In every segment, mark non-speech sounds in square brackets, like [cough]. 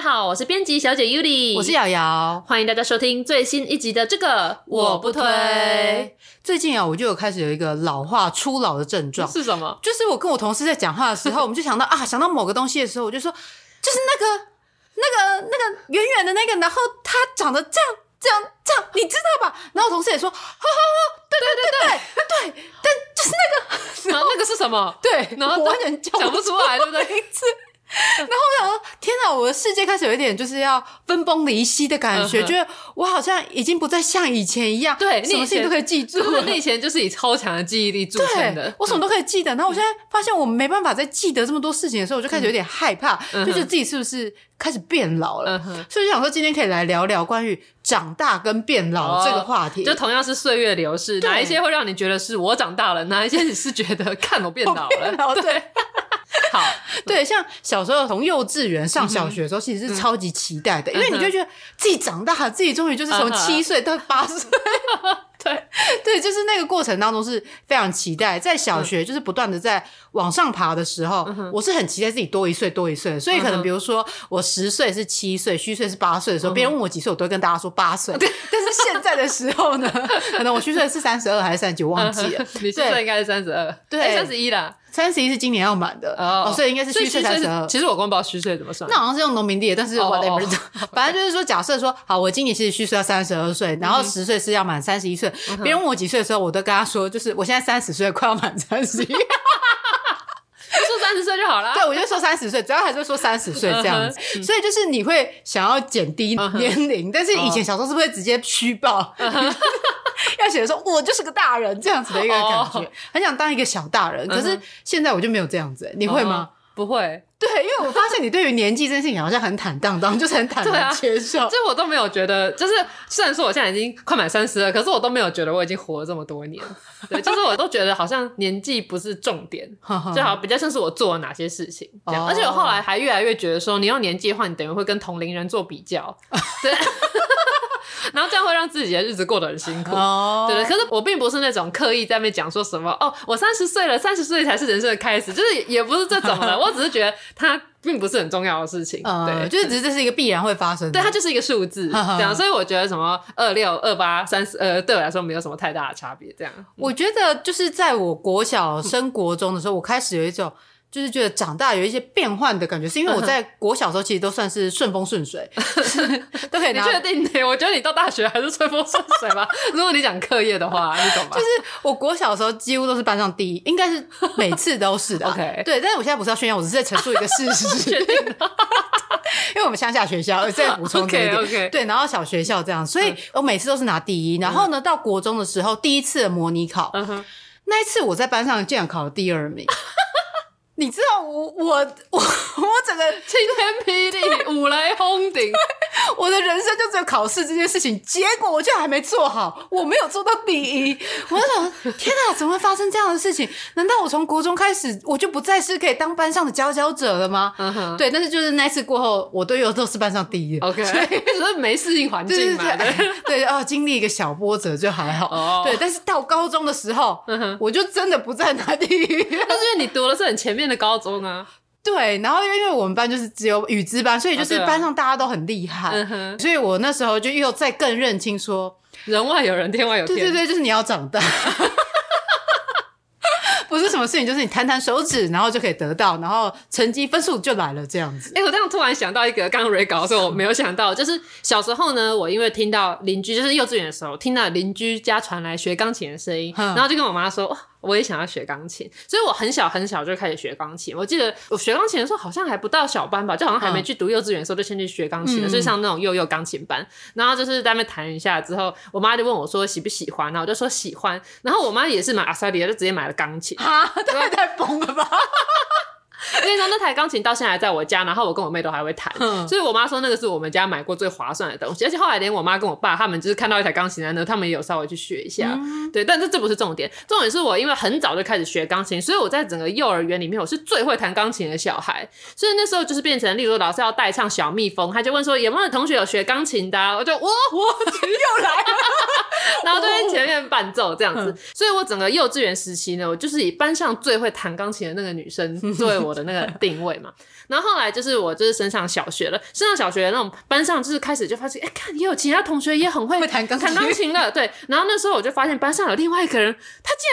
大家好，我是編輯小姐 Yuli。我是姚姚，歡迎大家收聽最新一集的這個我不推。最近啊，我就有開始有一個老化、初老的症狀，是什麼？就是我跟我同事在講話的時候，我們就想到 [laughs] 啊，想到某個東西的時候，我就說，就是那個、那個、那個圓圓、那個、的那個，然後它長得這樣、這樣、這樣，你知道吧？然後我同事也說，哈哈哈，對對對對對，對，對，對，對，但就是那個，然後、啊、那個是什麼？對，然後突然講不出來，對不對？ [laughs] [laughs] 然後我想說，天哪！我的世界開始有一點就是要分崩離析的感覺，嗯、哼覺得我好像已經不再像以前一樣，對，你什麼事情都可以記住。你以前就是以超強的記憶力著稱的，對，我什麼都可以記得。嗯、然後我現在發現我沒辦法再記得這麼多事情的時候，我就開始有點害怕，嗯、就覺得自己是不是？開始變老了，嗯、所以就想說今天可以來聊聊關於長大跟變老這個話題。哦、就同樣是歲月流逝，哪一些會讓你覺得是我長大了？哪一些你是覺得看我變老了？對，好，對，對嗯、像小時候從幼稚園上小學的時候，其實是超級期待的，嗯、因為你就覺得自己長大了，嗯、自己終於就是從七歲到八歲。對對，就是那個過程當中是非常期待，在小學就是不斷的在往上爬的時候，嗯、哼我是很期待自己多一歲多一歲。所以可能比如說我十歲是七歲，虛歲是八歲的時候，嗯、哼別人問我幾歲，我都會跟大家說八歲。對、嗯哼，但是現在的時候呢， [laughs] 可能我虛歲是三十二還是三十九，忘記了。虛、嗯、現在應該是三十二，對，三十一了。三十一是今年要滿的、oh, 哦，所以應該是虛歲三十二，其實我根本不知道虛歲怎麼算？那好像是用農民地，但是反正就是說，假設說，好，我今年其實虛歲要三十二歲，然後十歲是要滿三十一歲。別人、mm hmm. 問我幾歲的時候，我都跟他說，就是我現在三十歲，快要滿三十一。 [laughs] 說三十歲就好了。對，我就說三十歲，主要還是說三十歲這樣子。Uh huh. 所以就是你會想要減低年齡，uh huh. 但是以前小時候是不是會直接虛報？Uh huh. [laughs] 要寫的時候，我就是個大人這樣子的一個感覺，oh. 很想當一個小大人。Uh huh. 可是現在我就沒有這樣子、欸，你會嗎？Uh huh. 不會。對，因為我、就是、發現你對於年紀這件事情好像很坦荡蕩，就是很坦然接受對啊。就我都沒有覺得，就是雖然說我現在已經快滿三十了，可是我都沒有覺得我已經活了這麼多年。對，就是我都覺得好像年紀不是重點，就 [laughs] 好像比較像是我做了哪些事情。Oh. 而且我後來還越來越覺得說，你用年紀的話，你等於會跟同齡人做比較。對 [laughs] 然後這樣會讓自己的日子過得很辛苦。哦、oh.，對，可是我並不是那種刻意在那講說什麼哦，我三十歲了，三十歲才是人生的開始，就是也不是這種了。 [laughs] 我只是覺得它並不是很重要的事情，對，uh, 就是只是這是一個必然會發生的。對，它就是一個數字這樣、uh huh.，所以我覺得什麼二六、二八、三十，呃，對我來說沒有什麼太大的差別。這樣，我覺得就是在我國小生活中的時候，嗯、我開始有一種。就是覺得長大有一些變幻的感覺，是因為我在國小時候其實都算是順風順水，都可以拿。你確定？我覺得你到大學還是順風順水嗎？如果你講課業的話，你懂嗎？就是我國小時候幾乎都是班上第一，應該是每次都是的。OK，對。但是我現在不是要炫耀，我只是在陳述一個事實。因為我們鄉下學校在補充這一點，對。然後小學校這樣，所以我每次都是拿第一。然後呢，到國中的時候，第一次模擬考，那一次我在班上竟然考了第二名。你知道我我我我整個晴天霹靂，五雷轟頂，我的人生就只有考試這件事情，結果我卻還沒做好，我沒有做到第一，我就想，天吶，怎麼會發生這樣的事情？難道我從國中開始，我就不再是可以當班上的佼佼者了嗎？Uh huh. 對，但是就是那次過後，我都有都是班上第一。OK，所以沒適應環境嘛？對對、哎、 [laughs] 對，對、哦、啊，經歷一個小波折就還好。Oh. 對，但是到高中的時候，uh huh. 我就真的不再拿第一，但是因為你讀的是很前面。 [laughs] 高中啊，對，然後因為因為我們班就是只有語資班，所以就是班上大家都很厲害，啊啊嗯、所以我那時候就又再更認清說，人外有人，天外有天，對對對，就是你要長大， [laughs] [laughs] 不是什麼事情就是你彈彈手指，然後就可以得到，然後成績分數就來了這樣子。哎、欸，我這樣突然想到一個剛剛瑞高的時候，我沒有想到，就是小時候呢，我因為聽到鄰居，就是幼稚園的時候聽到鄰居家傳來學鋼琴的聲音，嗯、然後就跟我媽說。我也想要學鋼琴，所以我很小很小就開始學鋼琴。我記得我學鋼琴的時候，好像還不到小班吧，就好像還沒去讀幼稚園的時候，就先去學鋼琴了，嗯、所以像那種幼幼鋼琴班。然後就是在那彈一下之後，我媽就問我說喜不喜歡，然後我就說喜歡。然後我媽也是蠻阿莎力的，就直接買了鋼琴，這蛤白太太瘋了吧！ [laughs] 我跟你說，那台鋼琴到現在還在我家，然後我跟我妹都還會彈，嗯、所以我媽說那個是我們家買過最划算的東西。而且後來連我媽跟我爸他們，就是看到一台鋼琴，然後呢，他們也有稍微去學一下。嗯、對，但是這，這不是重點，重點是我因為很早就開始學鋼琴，所以我在整個幼兒園裡面我是最會彈鋼琴的小孩。所以那時候就是變成，例如老師要帶唱《小蜜蜂》，他就問說 [laughs] 有沒有同學有學鋼琴的、啊，我就我我又來了，哦哦、 [laughs] [laughs] 然後就在前面伴奏這樣子。哦、所以我整個幼稚園時期呢，我就是以班上最會彈鋼琴的那個女生、嗯、作為我。我的那個定位嘛。 [laughs] 然後後來就是我就是升上，上小學了，升上小學那種班上就是開始就發現，哎，看也有其他同學也很會彈鋼琴了，對。然後那時候我就發現班上有另外一個人，他竟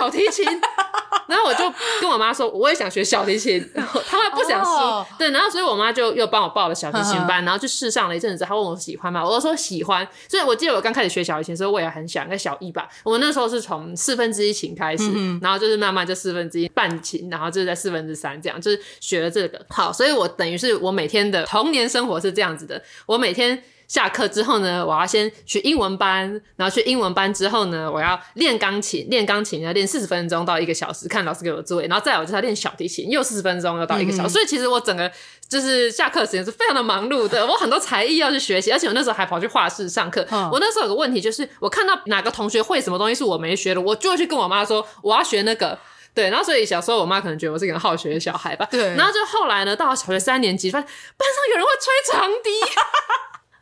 然會拉小提琴， [laughs] 然後我就跟我媽說，我也想學小提琴，然後他媽不想學，oh. 對。然後所以我媽就又幫我報了小提琴班，然後就試上了一陣子，她問我喜歡嗎？我說喜歡。所以我記得我剛開始學小提琴時候，我也很想，應該小一吧，我那時候是從四分之一琴開始，然後就是慢慢就四分之一半琴，然後就是在四分之三這樣，就是學了這個。好，所以我等於是我每天的童年生活是這樣子的。我每天下課之後呢，我要先去英文班，然後去英文班之後呢，我要練鋼琴，練鋼琴要練四十分鐘到一個小時，看老師給我作業，然後再有就是練小提琴，又四十分鐘又到一個小時。嗯嗯，所以其實我整個就是下課時間是非常的忙碌的。我很多才藝要去學習，而且我那時候還跑去畫室上課。嗯、我那時候有個問題就是，我看到哪個同學會什麼東西是我沒學的，我就會去跟我媽說我要學那個。對，然後所以小時候我媽可能覺得我是一個好學的小孩吧。對，然後就後來呢，到了小學三年級，發現班上有人會吹長笛，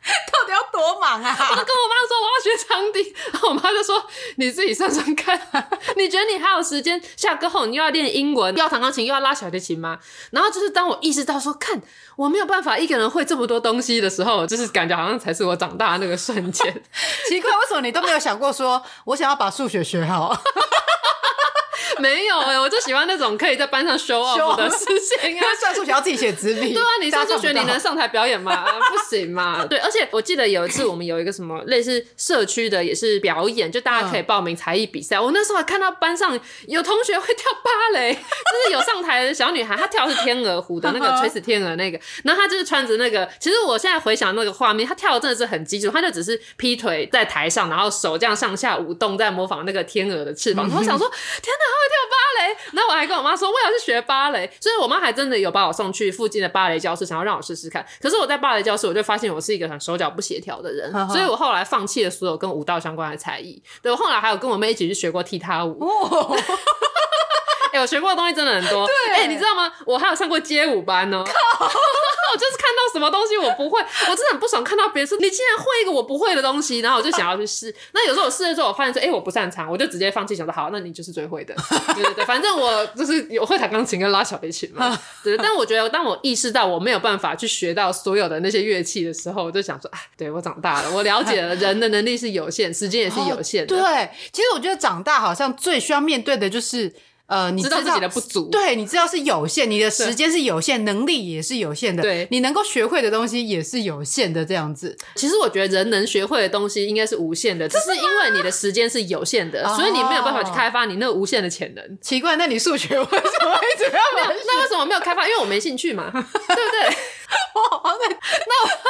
[laughs] 到底要多忙啊？我就跟我媽說我要學長笛，然後我媽就說你自己算算看啊，你覺得你還有時間下課後你又要練英文，又要彈鋼琴，又要拉小提琴嗎？然後就是當我意識到說，看我沒有辦法一個人會這麼多東西的時候，就是感覺好像才是我長大的那個瞬間。 [laughs] 奇怪，為什麼你都沒有想過說我想要把數學學好？ [laughs] [laughs] 沒有哎、欸，我就喜歡那種可以在班上 show off 的事情啊。 [laughs] 算數學要自己寫紙筆。對啊，你算數學你能上台表演嗎？不、 [laughs] 啊？不行嘛。對，而且我記得有一次我們有一個什麼類似社區的，也是表演，就大家可以報名才藝比賽。嗯、我那時候還看到班上有同學會跳芭蕾，就是有上台的小女孩，她跳的是天鵝湖的那個垂 [laughs] 死天鵝那個，然後她就是穿着那個。其實我現在回想那個畫面，她跳的真的是很基礎，她就只是劈腿在台上，然後手這樣上下舞動，在模仿那個天鵝的翅膀。嗯、哼我想說，天吶，跳芭蕾，那我還跟我媽說我要去學芭蕾，所以我媽還真的有把我送去附近的芭蕾教室，想要讓我試試看。可是我在芭蕾教室，我就發現我是一個很手腳不協調的人，呵呵所以我後來放棄了所有跟舞蹈相關的才藝。對，我後來還有跟我妹一起去學過踢踏舞。哦 [laughs] 有、欸、我學過的東西真的很多。對，哎、欸，你知道嗎？我還有上過街舞班哦、喔。 [laughs] [laughs] 我就是看到什麼東西我不會，我真的很不爽。看到別人說你竟然會一個我不會的東西，然後我就想要去試。 [laughs] 那有時候我試的時候，我發現說，哎、欸，我不擅長，我就直接放棄。想說好，那你就是最會的。 [laughs] 對對對，反正我就是我會彈鋼琴跟拉小提琴嘛。 [laughs] 對，但我覺得當我意識到我沒有辦法去學到所有的那些樂器的時候，我就想說，哎，對，我長大了，我了解了 [laughs] 人的能力是有限，時間也是有限的、哦。對，其實我覺得長大好像最需要面對的就是。呃，你知道自己的不足，對，你知道是有限，你的時間是有限，能力也是有限的，對，你能夠學會的東西也是有限的這樣子。其實我覺得人能學會的東西應該是無限的，只是因為你的時間是有限的，所以你沒有辦法去開發你那無限的潛能。奇怪，那你數學為什麼沒有？那為什麼沒有開發？因為我沒興趣嘛，對不對？我好那那。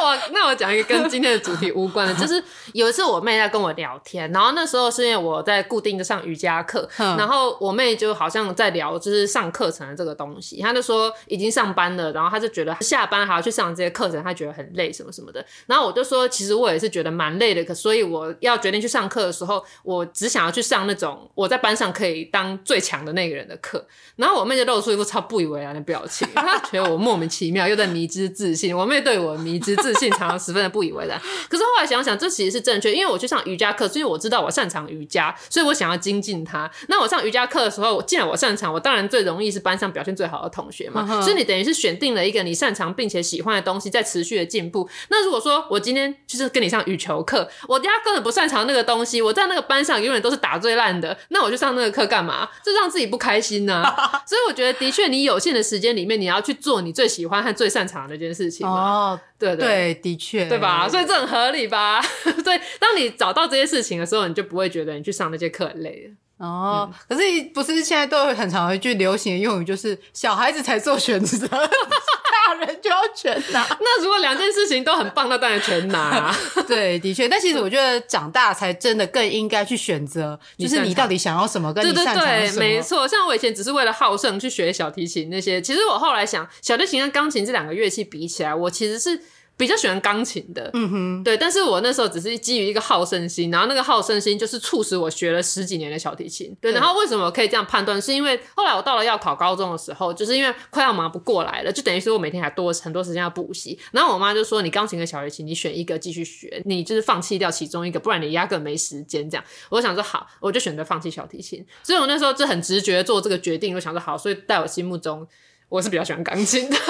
那我那我講一個跟今天的主題無關的，就是有一次我妹在跟我聊天，然後那時候是因為我在固定上瑜伽課，然後我妹就好像在聊就是上課程的這個東西，她就說已經上班了，然後她就覺得下班還要去上這些課程，她覺得很累什麼什麼的。然後我就說，其實我也是覺得蠻累的，可所以我要決定去上課的時候，我只想要去上那種我在班上可以當最強的那個人的課。然後我妹就露出一個超不以為然的表情，她覺得我莫名其妙又在迷之自信。我妹對我迷之自信。自信常常十分的不以為然，可是後來想想，這其實是正確，因為我去上瑜伽課，所以我知道我擅長瑜伽，所以我想要精進它。那我上瑜伽課的時候，既然我擅長，我當然最容易是班上表現最好的同學嘛。 [laughs] 所以你等於是選定了一個你擅長並且喜歡的東西，在持續的進步。那如果說我今天就是跟你上羽球課，我壓根不擅長那個東西，我在那個班上永遠都是打最爛的，那我去上那個課幹嘛？這讓自己不開心呢、啊。 [laughs] 所以我覺得，的確，你有限的時間裡面，你要去做你最喜歡和最擅長的這件事情。哦， [laughs] 對，對對。對，的確，對吧？所以這很合理吧？所 [laughs] 以當你找到這些事情的時候，你就不會覺得你去上那些課很累了。哦，嗯、可是不是現在都很常有很長一句流行的用語，就是小孩子才做選擇， [laughs] 大人就要全拿。 [laughs] 那如果兩件事情都很棒，那當然全拿啊。 [laughs] 對，的確。但其實我覺得長大才真的更應該去選擇，就是你到底想要什麼，跟你擅長什麼。對對對，沒錯，像我以前只是為了好勝去學小提琴那些，其實我後來想，小提琴跟鋼琴這兩個樂器比起來，我其實是。比較喜歡鋼琴的，嗯哼，對，但是我那時候只是基於一個好勝心，然後那個好勝心就是促使我學了十幾年的小提琴，對，對然後為什麼我可以這樣判斷？是因為後來我到了要考高中的時候，就是因為快要忙不過來了，就等於說我每天還多很多時間要補習，然後我媽就說，你鋼琴跟小提琴你選一個繼續學，你就是放棄掉其中一個，不然你壓根沒時間這樣。我想說好，我就選擇放棄小提琴，所以我那時候就很直覺做這個決定，我想說好，所以在我心目中我是比較喜歡鋼琴的。 [laughs]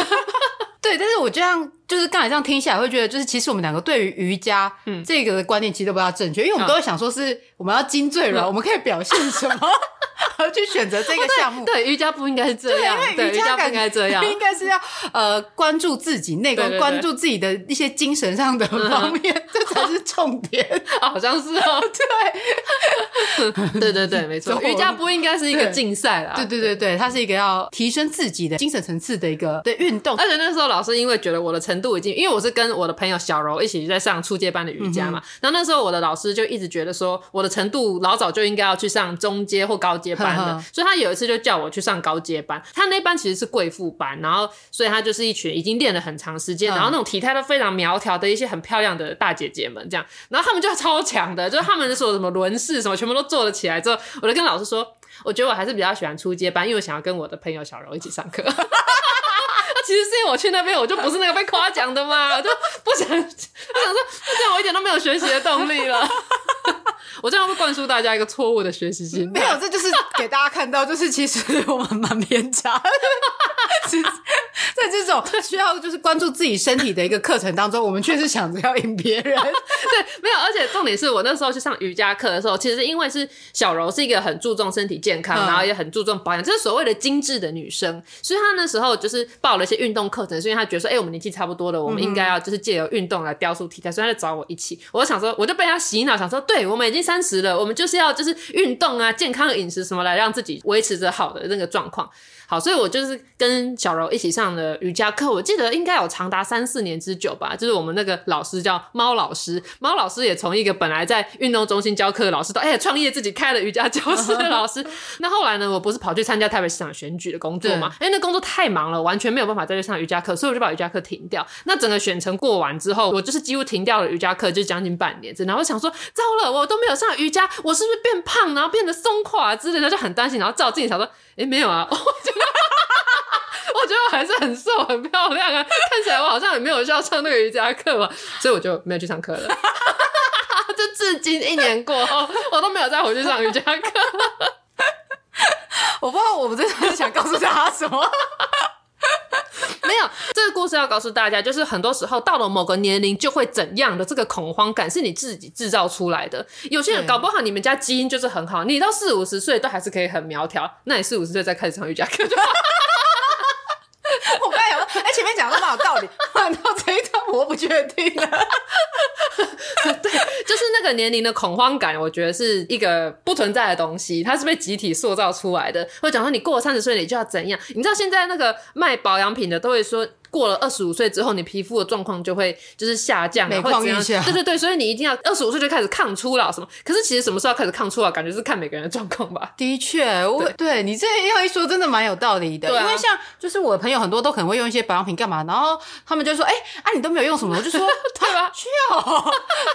對，但是我這樣就是剛才這樣聽下來，會覺得就是其實我們兩個對於瑜伽、嗯、這個的觀念其實都不大正確，因為我們都在想說是我們要筋最軟，嗯、我們可以表現什麼。 [laughs] 而 [laughs] 去選擇這個項目，哦、對，對瑜伽不應該是這樣，對，對瑜伽不應該這樣，應該是要呃關注自己那個關注自己的一些精神上的方面，這才 [laughs] 是重點啊， [laughs] 好像是哦、喔，對，對對對，沒錯， [laughs] 瑜伽不應該是一個競賽啦，對對對對，它是一個要提升自己的精神層次的一個的運動，而且那時候老師因為覺得我的程度已經，因為我是跟我的朋友小柔一起在上初階班的瑜伽嘛，嗯、哼然後那時候我的老師就一直覺得說我的程度老早就應該要去上中階或高階班。嗯 Uh huh. 所以他有一次就叫我去上高階班，他那班其實是貴婦班，然後所以他就是一群已經練了很長時間，uh huh. 然後那種體態都非常苗條的一些很漂亮的大姐姐們，這樣，然後他們就超強的，就是他們說什麼輪式什麼全部都做了起來之後，我就跟老師說，我覺得我還是比較喜歡初階班，因為我想要跟我的朋友小柔一起上課。那、uh huh. [laughs] 其實是因為我去那邊，我就不是那個被誇獎的嘛，我就不想不想說這樣，我一點都沒有學習的動力了。我這樣會灌輸大家一個錯誤的學習心態。沒有，這就是給大家看到， [laughs] 就是其實我們蠻勉強的。 [laughs] 其實在這種需要就是關注自己身體的一個課程當中，我們確實想着要贏別人。 [laughs] 對，沒有，而且重點是我那時候去上瑜伽課的時候，其實是因為是小柔是一個很注重身體健康，嗯、然後也很注重保養，這、就是所謂的精致的女生，所以她那時候就是報了一些運動課程，是因為她覺得說，哎、欸，我們年紀差不多了，我們應該要就是借由運動來雕塑體態，嗯嗯，所以她就找我一起。我就想說，我就被她洗腦，想說，對我們已經。三十了，我們就是要就是運動啊，健康飲食什麼來讓自己維持着好的那個狀況。好，所以我就是跟小柔一起上了瑜伽課，我記得應該有長達三四年之久吧。就是我們那個老師叫貓老師，貓老師也從一個本來在運動中心教課的老師，到哎、欸、創業自己開了瑜伽教室的老師。 [laughs] 那後來呢，我不是跑去參加台北市長選舉的工作嘛？為對、欸、那工作太忙了，完全沒有辦法再去上瑜伽課，所以我就把瑜伽課停掉。那整個選程過完之後，我就是幾乎停掉了瑜伽課，就將近半年。然後我想說，糟了，我都沒有上瑜伽，我是不是變胖，然後變得鬆垮之類的，然後就很擔心。然後照鏡子想說，誒、欸，沒有啊， [laughs] 我覺得還是很瘦、很漂亮啊，看起來我好像也沒有需要上那個瑜伽課嘛，所以我就沒有去上課了。這 [laughs] 至今一年過後，我都沒有再回去上瑜伽課。 [laughs] 我不知道我不知道想告訴大家什麼。 [laughs] [laughs] 沒有這個故事要告訴大家，就是很多時候到了某個年齡就會怎樣的這個恐慌感是你自己制造出來的。有些人搞不好你們家基因就是很好，對你到四五十歲都還是可以很苗條，那你四五十歲再開始上瑜伽課就。 [laughs] [laughs] 我剛才想說，哎、欸，前面講的蠻有 [laughs] 道理，換到這一張我不確定了。 [laughs] [laughs] 對，就是那個年齡的恐慌感，我覺得是一個不存在的東西，它是被集體塑造出來的。或者講說，你過了三十歲，你就要怎樣？你知道現在那個賣保養品的都會說。過了二十五歲之後，你皮膚的狀況就會就是下降，每況愈下。對對對，所以你一定要二十五歲就開始抗初老什麼。可是其實什麼時候開始抗初老，感覺是看每個人的狀況吧。的確確，對我對你這樣一說，真的蠻有道理的。啊、因為像就是我的朋友很多都可能會用一些保養品幹嘛，然後他們就說：“哎、欸、啊，你都沒有用什麼？”我就說：“ [laughs] 對吧，需要。”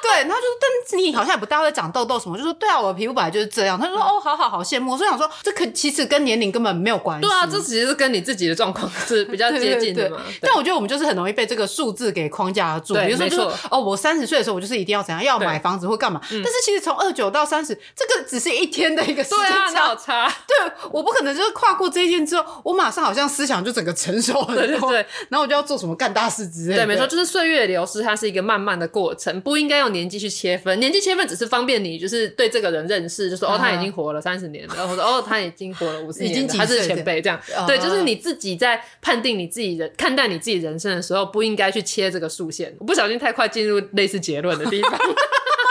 對，然後就但你好像也不大會長痘痘什麼，就說：“對啊，我的皮膚本來就是這樣。”他就說：“哦，好好好，羨慕。”所以想說，這可其實跟年齡根本沒有關係。對啊，這其實是跟你自己的狀況是比較接近的嘛。對對對對但我覺得我們就是很容易被這個數字給框架住，比如說說哦，我三十歲的時候，我就是一定要怎樣，要買房子或幹嘛。但是其實從二九到三十，這個只是一天的一個時間差。對，我不可能就是跨過這一天之後，我馬上好像思想就整個成熟了。對對，然後我就要做什麼幹大事之類。對，沒錯，就是歲月流逝，它是一個慢慢的過程，不應該用年紀去切分。年紀切分只是方便你，就是對這個人認識，就說哦，他已經活了三十年了，或者說哦，他已經活了五十年，已經他是前輩這樣。對，就是你自己在判定你自己的看待。你自己人生的時候不應該去切這個數線，我不小心太快進入類似結論的地方。 [laughs]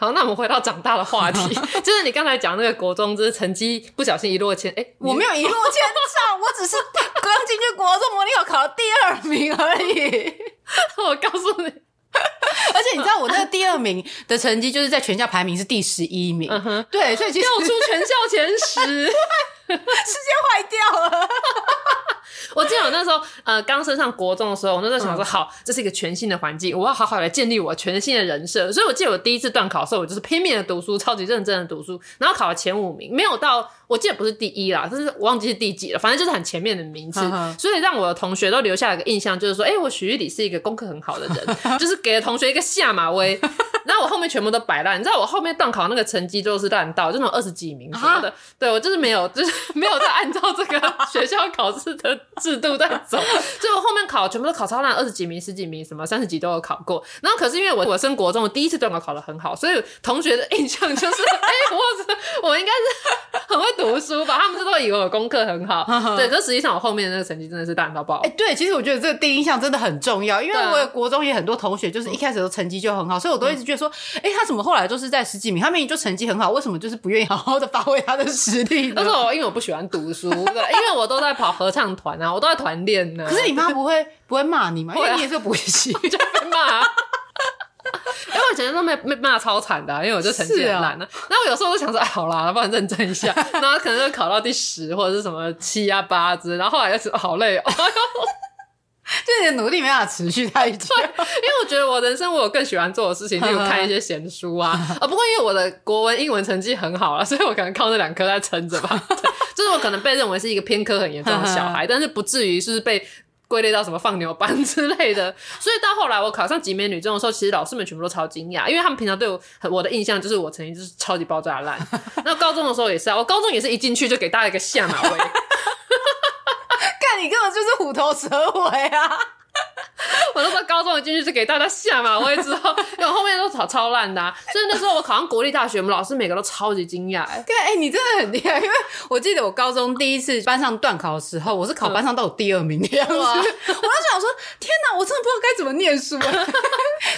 好，那我們回到長大的話題， [laughs] 就是你剛才講那個國中，就是成績不小心一落千哎，欸、我沒有一落千丈， [laughs] 我只是剛進去國中 [laughs] 模擬考考了第二名而已。我告訴你，而且你知道我那個第二名的成績，就是在全校排名是第十一名。 [laughs] 對，所以掉出全校前十，世界壞掉了。 [laughs] [laughs] 我記得我那時候呃剛升上國中的時候，我那時候想說 Okay. 好，這是一個全新的環境，我要好好來建立我全新的人設。所以我記得我第一次段考的時候，我就是拼命的讀書，超級認真的讀書，然後考了前五名，沒有到我記得不是第一啦，就是我忘記是第幾了，反正就是很前面的名次。呵呵所以讓我的同學都留下了一個印象，就是說，哎、欸，我許煜里是一個功課很好的人， [laughs] 就是給了同學一個下馬威。然後我後面全部都擺爛，你知道我後面段考那個成績就是爛到，就那種二十幾名什麼的。啊、對我就是沒有，就是沒有再按照這個學校考試的。制度在走，所以我後面考全部都考超爛，二十幾名、十幾名，什麼三十幾都有考過。然後可是因為我我升國中我第一次段考考得很好，所以同學的印象就是，哎、 [laughs] 欸，我我應該是很會讀書吧？ [laughs] 他們就都以為我功課很好。 [laughs] 對，這實際上我後面的那個成績真的是爛到爆。哎、欸，對，其實我覺得這個第一印象真的很重要，因為我國中也很多同學就是一開始的成績就很好，對所以我都一直覺得說，哎、欸，他怎麼後來就是在十幾名，他明明就成績很好，為什麼就是不願意好好的發揮他的實力呢？他說，因為我不喜歡讀書，對，因為我都在跑合唱團。 [laughs] 然後我都在團練呢。可是你媽不會對不會罵你嗎？啊、因為你也是不會去，就會罵、啊。 [laughs] 因為我覺得都沒罵超慘的、啊，因為我就成績很爛、啊。那、啊、我有時候就想說，哎、好啦，要不然認真一下， [laughs] 然後可能就考到第十或者是什麼七啊八之。然後後來就說，好累哦。哦 [laughs] 就你的努力沒辦法持續太久。 [laughs] 因為我覺得我人生我有更喜歡做的事情，例如 [laughs] 看一些閒書啊， [laughs] 啊，不過因為我的國文、英文成績很好啊，所以我可能靠這兩科在撐着吧 [laughs] 對。就是我可能被認為是一個偏科很嚴重的小孩， [laughs] 但是不至於是被歸類到什麼放牛班之類的。所以到後來我考上集美女中的時候，其實老師們全部都超驚訝，因為他們平常對我我的印象就是我曾經就是超級爆炸爛。那 [laughs] 高中的時候也是，啊，我高中也是一進去就給大家一個下馬威。 [laughs] 你根本就是虎頭蛇尾啊！ [laughs] 我那時高中一進去是給大家下馬威之後，因為我後面都考超爛的，啊，所以那時候我考上國立大學，我們老師每個都超級驚訝、欸。對，哎，你真的很厲害，因為我記得我高中第一次班上段考的時候，我是考班上倒數第二名的、嗯、樣子。啊、我當時想說，天哪，我真的不知道該怎麼念書、啊。 [laughs]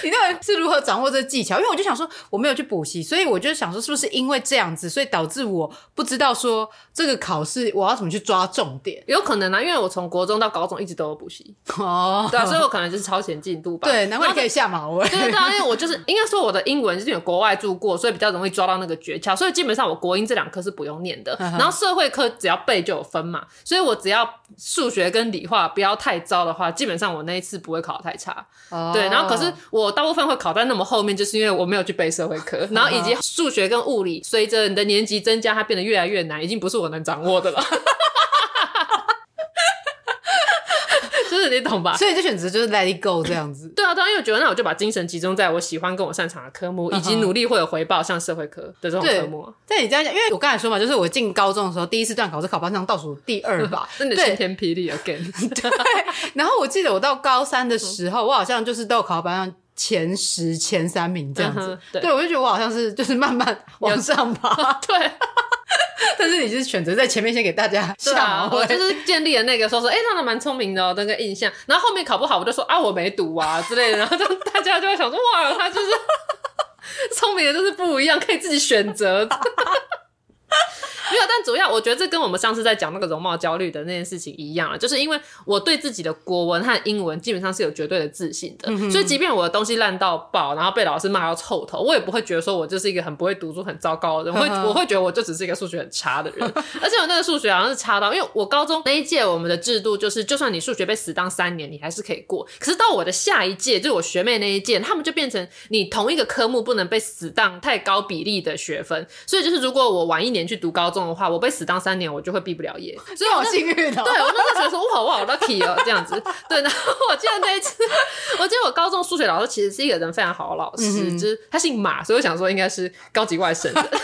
你到底是如何掌握這個技巧？因為我就想說，我沒有去補習，所以我就想說，是不是因為這樣子，所以導致我不知道說這個考試我要怎麼去抓重點？有可能啊，因為我從國中到高中一直都有補習哦，oh. 對，所以我可能就是超前進度吧。對，難怪你可以下馬威。對對，啊，因為我就是應該說我的英文是有國外住過，所以比較容易抓到那個訣竅。所以基本上，我國英這兩科是不用念的。然後社會科只要背就有分嘛。所以我只要數學跟理化不要太糟的話，基本上我那一次不會考得太差。Oh. 對，然後可是我。我大部分會考在那麼後面，就是因為我沒有去背社會科，然後以及數學跟物理，隨着你的年級增加，它變得越來越難，已經不是我能掌握的了。哈哈哈哈哈！哈哈就是你懂吧？所以就選擇就是 Let it go 這樣子 [coughs] 對啊，對啊，因為我覺得那我就把精神集中在我喜歡跟我擅長的科目，嗯、哼以及努力會有回報，像社會科的這種科目。在你這樣講，因為我剛才說嘛，就是我進高中的時候，第一次段考是考班上倒數第二吧？ [laughs] 真的晴天霹靂 again。 [laughs] 對 [laughs] [laughs] 然後我記得我到高三的時候，我好像就是都考班上。前十前三名這樣子，嗯、對，對我就覺得我好像是就是慢慢往上爬。對， [laughs] 但是你就是選擇在前面先給大家下馬威。我就是建立了那個說說，哎、欸，他蠻聰明的，哦、那個印象。然後後面考不好，我就說啊，我沒讀啊之類的。然後就大家就會想說，哇，他就是聰 [laughs] 明的，就是不一樣，可以自己選擇。 [laughs] [laughs] 沒有，但主要我覺得這跟我們上次在講那個容貌焦慮的那件事情一樣了，就是因為我對自己的國文和英文基本上是有絕對的自信的，嗯、哼所以即便我的東西爛到爆，然後被老師罵到臭頭，我也不會覺得說我就是一個很不會讀書、很糟糕的人，我會我會覺得我就只是一個數學很差的人， [laughs] 而且我那個數學好像是差到，因為我高中那一屆我們的制度就是，就算你數學被死當三年，你還是可以過，可是到我的下一屆，就是我學妹那一屆，他們就變成你同一個科目不能被死當，太高比例的學分，所以就是如果我晚一年。年去讀高中的話，我被死當三年，我就會畢不了業，所以我好幸運的、哦。對，我那時候說哇我好 lucky 哦這樣子。對，然後我記得那一次， [laughs] 我記得我高中數學老師其實是一個人非常好的老師，嗯、哼就是他姓馬，所以我想說應該是高級外省的。 [laughs]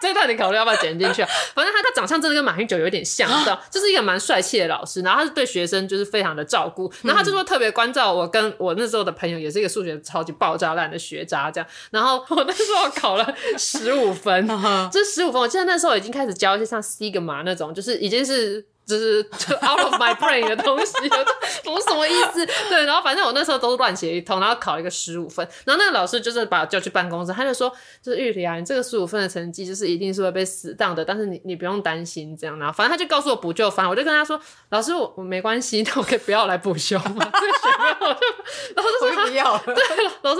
這段你考慮要不要剪進去啊？ [laughs] 反正他他長相真的跟馬英九有點像，你知道，就是一個蠻帥氣的老師，然後他是對學生就是非常的照顧，然後他就說特別關照我，跟我那時候的朋友也是一個數學超級爆炸爛的學渣這樣，然後我那時候考了十五分，這十五分我記得那時候我已經開始教一些像 Sigma 那種，就是已經是。就是就 out of my brain 的東西， [laughs] 我說什麼意思？對，然後反正我那時候都是亂寫一通，然後考一個十五分，然後那個老師就是把我叫去辦公室，他就說，就是玉莉啊，你這個十五分的成績就是一定是會被死當的，但是你你不用擔心這樣，然後反正他就告訴我補救方案，我就跟他說，老師，我我沒關係，那我可以不要來補修嗎？ [laughs] 我就，然後我就不要了。對，老師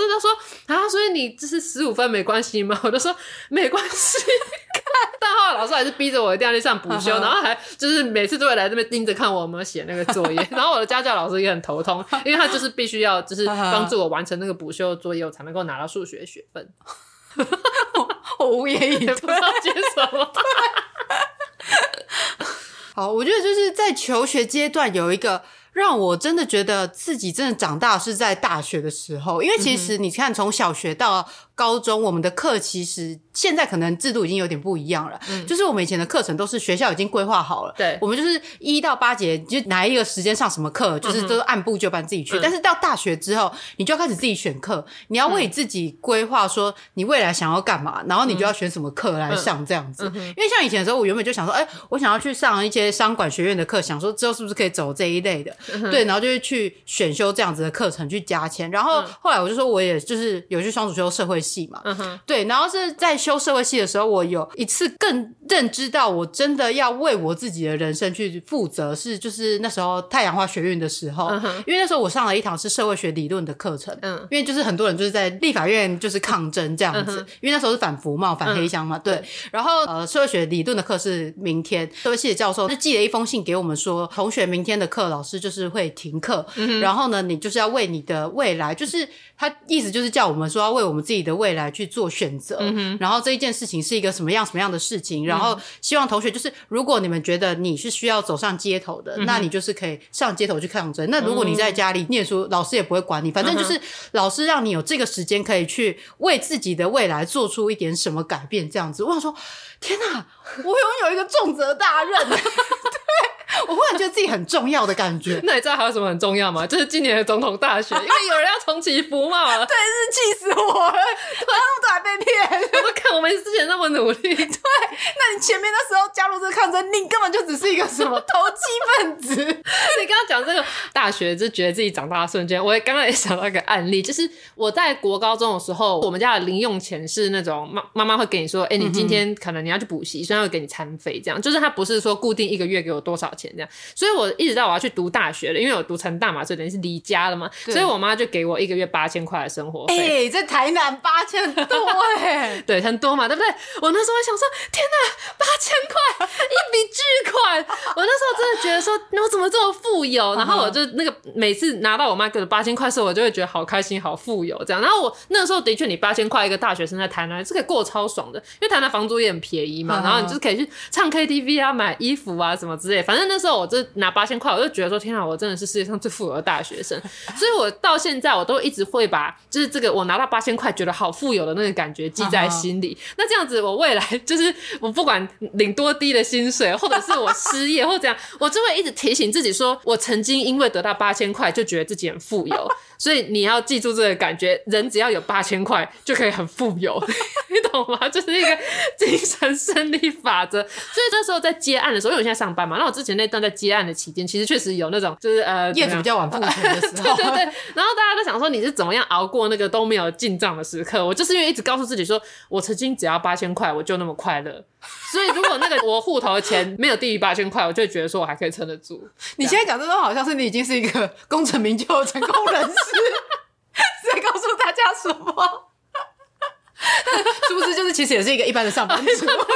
他說啊，所以你就是十五分沒關係嗎？我就說沒關係。但後來老師還是逼着我一定要去上補修， [laughs] 然後還就是每次都會來這邊盯着看我有沒有寫那個作業。 [laughs] 然後我的家教老師也很頭痛， [laughs] 因為他就是必須要就是幫助我完成那個補修作業，我才能夠拿到數學學分。 [laughs] [laughs] 我，我無言以對，要接什麼 [laughs] 對？ [laughs] 好，我覺得就是在求學階段有一個讓我真的覺得自己真的長大是在大學的時候，因為其實你看從小學到。高中我們的課其實現在可能制度已經有點不一樣了，嗯、就是我們以前的課程都是學校已經規劃好了，對，我們就是一到八節就哪一個時間上什麼課，嗯、哼就是都按部就班自己去。嗯、但是到大學之後，你就要開始自己選課，嗯、你要為你自己規劃說你未來想要幹嘛，嗯、然後你就要選什麼課來上這樣子。嗯嗯、因為像以前的時候，我原本就想說，哎，我想要去上一些商管學院的課，想說之後是不是可以走這一類的，嗯、哼對，然後就是去選修這樣子的課程去加簽。然後後來我就說，我也就是有去雙主修社會社。系嘛，嗯哼、uh，huh. 對，然後是在修社會系的時候，我有一次更認知到，我真的要為我自己的人生去負責，是就是那時候太陽花學運的時候，uh huh. 因為那時候我上了一堂是社會學理論的課程，嗯、uh，huh. 因為就是很多人就是在立法院就是抗爭這樣子，uh huh. 因為那時候是反服貿嘛，反黑箱嘛，uh huh. 對，然後呃，社會學理論的課是明天，社會系的教授就寄了一封信給我們說，同學明天的課老師就是會停課，uh huh. 然後呢，你就是要為你的未來，就是他意思就是叫我們說要為我們自己的，未來去做選擇，嗯、哼然後這一件事情是一個什麼樣什麼樣的事情？嗯、哼然後希望同學就是，如果你們覺得你是需要走上街頭的，嗯、哼那你就是可以上街頭去抗爭。嗯、哼那如果你在家裡念書，老師也不會管你，反正就是老師讓你有這個時間可以去為自己的未來做出一點什麼改變。這樣子，我想說，天吶，我擁有一個重責大任。 [laughs] [laughs] 對。我忽然覺得自己很重要的感覺。 [laughs] 那你知道還有什麼很重要嗎？就是今年的總統大選，因為有人要重啟服貿了。 [laughs] 對，是氣死我了！特朗普都還被騙， [laughs] 我看我們之前那麼努力， [laughs] 對。那你前面那時候加入這個抗爭，你根本就只是一個什麼投機分子。你剛剛講這個大學，就覺得自己長大的瞬間，我也剛剛也想到一個案例，就是我在國高中的時候，我們家的零用錢是那種媽媽媽會給你說，哎、欸，你今天可能你要去補習，所以他會給你餐費這樣，就是他不是說固定一個月給我多少錢。這樣，所以我一直到我要去讀大學了，因為我讀成大嘛，所以等於是離家了嘛，對所以我媽就給我一個月八千塊的生活費。哎、欸，在台南八千多哎、欸， [laughs] 對，很多嘛，對不對？我那時候我想說，天哪，八千塊，一筆巨款！ [laughs] 我那時候真的覺得說，那我怎麼這麼富有？ [laughs] 然後我就那個每次拿到我媽給的八千塊的時候，我就會覺得好開心、好富有這樣。然後我那個時候的確，你八千塊一個大學生在台南是可以過超爽的，因為台南房租也很便宜嘛，然後你就是可以去唱 KTV 啊、買衣服啊什麼之類，反正。那時候我就拿八千塊，我就覺得說天哪，我真的是世界上最富有的大學生。所以，我到現在我都一直會把就是這個我拿到八千塊，覺得好富有的那個感覺記在心裡。 [laughs] 那這樣子，我未來就是我不管領多低的薪水，或者是我失業或者怎樣，我就會一直提醒自己，說我曾經因為得到八千塊，就覺得自己很富有。所以你要記住這個感覺，人只要有八千塊就可以很富有， [laughs] 你懂嗎？這、就是一個精神勝利法則。所以這時候在接案的時候，因為我現在上班嘛，那我之前那段在接案的期間，其實確實有那種就是呃業主比較晚付錢的時候， [laughs] 對對對。然後大家都想說你是怎麼樣熬過那個都沒有進賬的時刻，我就是因為一直告訴自己說我曾經只要八千塊我就那麼快樂。 [laughs] 所以，如果那個我戶頭的錢沒有低於八千塊，我就會覺得說我還可以撐得住。 [laughs] 你現在講這都好像是你已經是一個功成名就成功人士， [laughs] 是在告訴大家什麼？ [laughs] 是不是就是其實也是一個一般的上班族， [laughs] 上班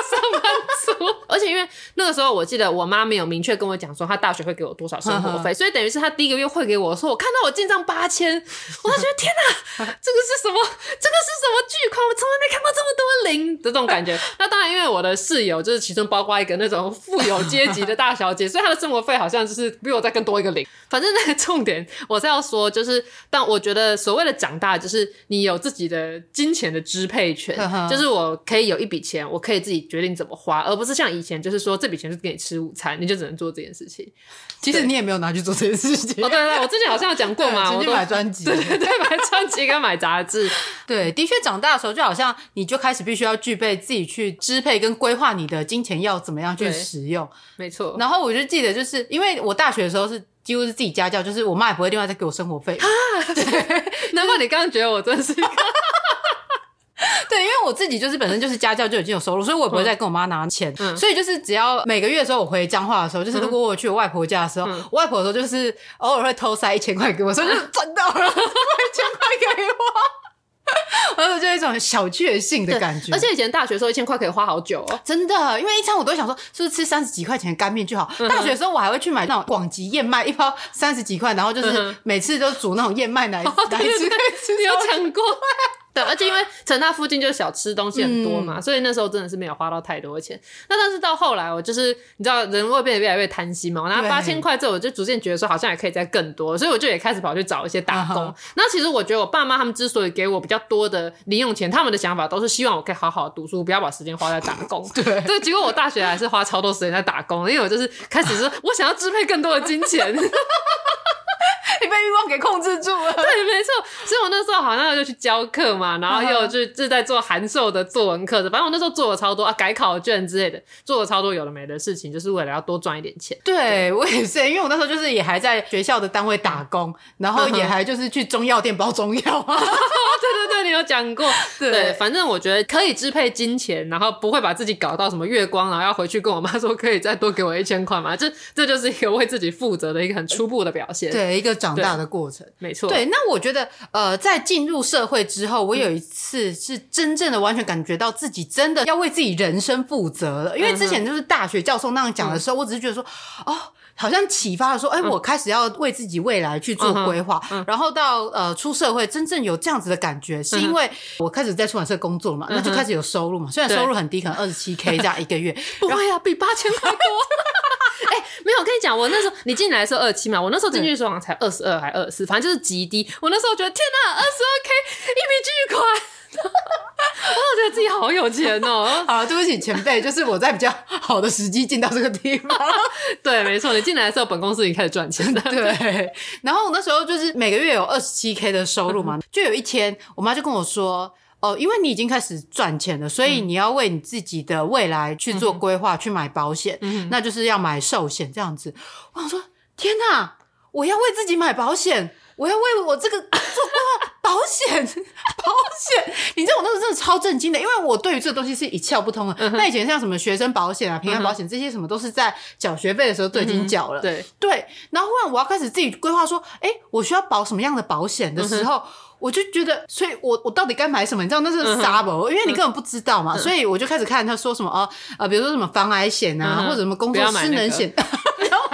族。而且因為那個時候，我記得我媽沒有明確跟我講說她大學會給我多少生活費， [laughs] 所以等於是她第一個月匯給我說，我看到我進賬八千，我就覺得天哪、啊， [laughs] 這個是什麼？這個是什麼巨款？我從來沒看到這麼多零的這種感覺。 [laughs] 那當然，因為我的室友就是其中包括一個那種富有階級的大小姐，所以她的生活費好像就是比我再更多一個零。 [laughs] 反正那個重點我是要說，就是但我覺得所謂的長大，就是你有自己的金錢的支配配權就是我可以有一筆錢，我可以自己決定怎麼花，而不是像以前就是說這筆錢是給你吃午餐，你就只能做這件事情。其實你也沒有拿去做這件事情。哦、 [laughs] oh,，對對，我之前好像有講過嘛，對我都買專輯，對對，對買專輯跟買雜誌。 [laughs] 對，的確，長大的時候就好像你就開始必須要具備自己去支配跟規劃你的金錢要怎麼樣去使用。沒錯。然後我就記得，就是因為我大學的時候是幾乎是自己家教，就是我媽也不會另外再給我生活費、啊、對、就是、難怪你剛剛覺得我真是。 [laughs] 對，因為我自己就是本身就是家教，就已經有收入，所以我也不會再跟我媽拿錢。嗯、所以就是只要每個月的時候，我回彰化的時候，就是如果我去我外婆家的時候，我、嗯、外婆說就是偶爾會偷塞一千塊給我，所以就賺到了，嗯、一千塊給我。我有、嗯、就一種小確幸的感覺。而且以前大學時候，一千塊可以花好久哦，真的，因為一餐我都想說是不是吃三十幾塊錢的乾面就好。嗯、哼大學的時候我還會去買那種廣吉燕麥，一包三十幾塊，然後就是每次都煮那種燕麥奶，燕汁、嗯哼。吃你有講過。對，而且因為城大附近就是小吃東西很多嘛，嗯、所以那時候真的是沒有花到太多錢。那但是到後來，我就是你知道，人會變得越來越貪心嘛。我拿八千塊之後，我就逐漸覺得說，好像也可以再更多，對所以我就也開始跑去找一些打工。嗯、哼那其實我覺得我爸媽他們之所以給我比較多的零用錢，他們的想法都是希望我可以好好讀書，不要把時間花在打工。對 [laughs] 對，結果我大學還是花超多時間在打工，因為我就是開始說我想要支配更多的金錢。 [laughs] 被欲望給控制住了。對，沒錯。所以我那時候好像就去教課嘛，然後又、uh huh. 就是在做函授的作文課。反正我那時候做了超多啊，改考卷之類的，做了超多有的沒的事情，就是為了要多賺一點錢。對，對我也是，因為我那時候就是也還在學校的單位打工，然後也還就是去中藥店包中藥。對對對，你有講過。對，對，反正我覺得可以支配金錢，然後不會把自己搞到什麼月光，然後要回去跟我媽說可以再多給我一千塊嘛。這這就是一個為自己負責的一個很初步的表現。對，一個長。大的過程，沒錯。對，那我覺得，呃，在進入社會之後，我有一次是真正的完全感覺到自己真的要為自己人生負責了。因為之前就是大學教授那樣講的時候，嗯哼。我只是覺得說，哦。好像啟發了說，哎、欸，我開始要為自己未來去做規劃，uh huh, uh huh. 然後到呃出社會，真正有這樣子的感覺，uh huh. 是因為我開始在出版社工作了嘛，uh huh. 那就開始有收入嘛。雖然收入很低，uh huh. 可能二十七 K 這樣一個月，uh huh. 不會啊，比八千塊多。哎、 [laughs] [laughs] 欸，沒有，我跟你講，我那時候你進來的時候二七嘛，我那時候進去的時候才二十二還二十四，反正就是極低。我那時候覺得天哪，二十二 K 一筆巨款。 [laughs] 我覺得自己好有錢哦、喔！啊， [laughs] 對不起，前輩，就是我在比較好的時機進到這個地方。 [laughs] 對，沒錯，你進來的時候，本公司已經開始賺錢了。 [laughs] 對，對。然後我那時候就是每個月有二十七 k 的收入嘛， [laughs] 就有一天我媽就跟我說：“哦、呃，因為你已經開始賺錢了，所以你要為你自己的未來去做規劃，嗯、哼去買保險，嗯、哼那就是要買壽險這樣子。”我想說：“天哪，我要為自己買保險，我要為我這個做規劃。” [laughs] 保險，保險，你知道我那時候真的超震驚的，因為我對於這個東西是一竅不通的。那、嗯、哼以前像什麼學生保險啊、平安保險、嗯、哼這些什麼，都是在繳學費的時候都已經繳了。嗯、對對。然後忽然我要開始自己規劃說，哎、欸，我需要保什麼樣的保險的時候，嗯、哼我就覺得，所以我，我我到底該買什麼？你知道那是 double，、嗯、哼因為你根本不知道嘛。嗯、哼所以我就開始看他說什麼，哦呃，比如說什麼防癌險啊，嗯、哼或者什麼工傷失能險。嗯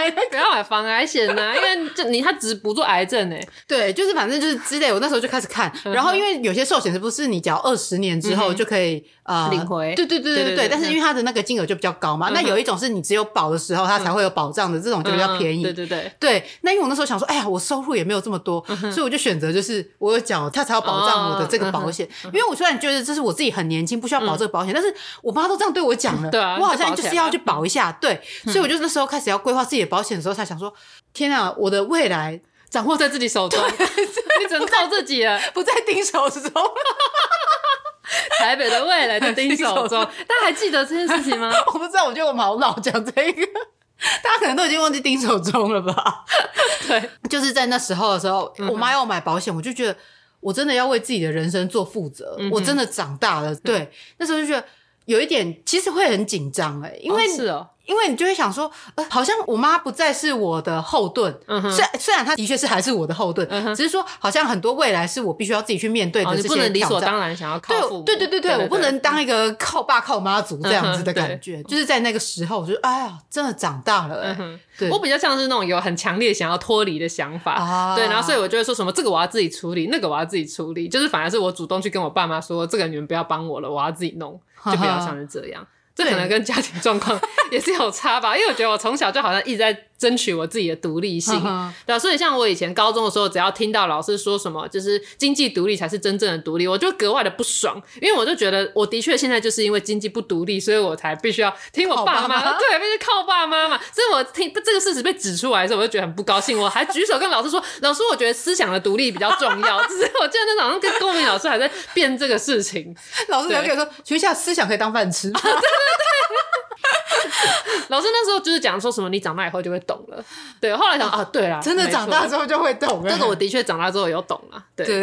[laughs] 不要買防癌險吶、啊，因為，這你他只是不做癌症哎、欸，對，就是反正就是之類。我那時候就開始看， [laughs] 然後因為有些壽險是，不是你只要二十年之後就可以、嗯。啊，領回，對對對對對對，但是因為它的那個金額就比較高嘛，那有一種是你只有保的時候，它才會有保障的，這種就比較便宜。對對對，對。那因為我那時候想說，哎呀，我收入也沒有這麼多，所以我就選擇就是我有講，他才要保障我的這個保險，因為我雖然覺得這是我自己很年輕，不需要保這個保險，但是我媽都這樣對我講了，我好像就是要去保一下。對，所以我就那時候開始要規劃自己的保險的時候，才想說，天啊，我的未來掌握在自己手中，你只能靠自己了，不再盯手中。台北的未來的丁守中，大家還，還記得這件事情嗎？ [laughs] 我不知道，我覺得我們好老講這個，大家可能都已經忘記丁守中了吧？ [laughs] 對，就是在那時候的時候，我媽要我買保險，嗯、哼我就覺得我真的要為自己的人生做負責，嗯、哼我真的長大了。對，嗯、那時候就覺得有一點，其實會很緊張，哎，因為哦是哦。因為你就會想說，呃、欸，好像我媽不再是我的後盾，嗯雖哼雖然她的確是還是我的後盾，嗯哼，只是說好像很多未來是我必須要自己去面對的，哦，你不能理所當然想要靠父母，對，對對對對，對，對我不能當一個靠爸靠媽族這樣子的感覺，嗯、就是在那個時候，我就哎呀，真的長大了，欸，嗯哼對，我比較像是那種有很強烈想要脫離的想法，啊、對，然後所以我就會說什麼這個我要自己處理，那個我要自己處理，就是反而是我主動去跟我爸媽說，這個你們不要幫我了，我要自己弄，就比較像是這樣。啊這對 可能跟家庭狀況也是有差吧， [laughs] 因為我覺得我從小就好像一直在。爭取我自己的獨立性，呵呵對，所以像我以前高中的時候，只要聽到老師說什麼就是經濟獨立才是真正的獨立，我就格外的不爽，因為我就覺得我的確現在就是因為經濟不獨立，所以我才必須要聽我爸媽，爸媽對，必須靠爸媽嘛。所以，我聽這個事實被指出來的時候，我就覺得很不高興，我還舉手跟老師說：“ [laughs] 老師，我覺得思想的獨立比較重要。”只是我今天早上跟公民老師還在辯這個事情， [laughs] 老師還跟我說：“對學校思想可以當飯吃。啊”對對對。 [laughs] 老師那時候就是講說什麼你長大以後就會懂了，對。後來想啊，啊，對啊，真的長大之後就會懂了。但、就是我的確長大之後有懂了、啊，對，對。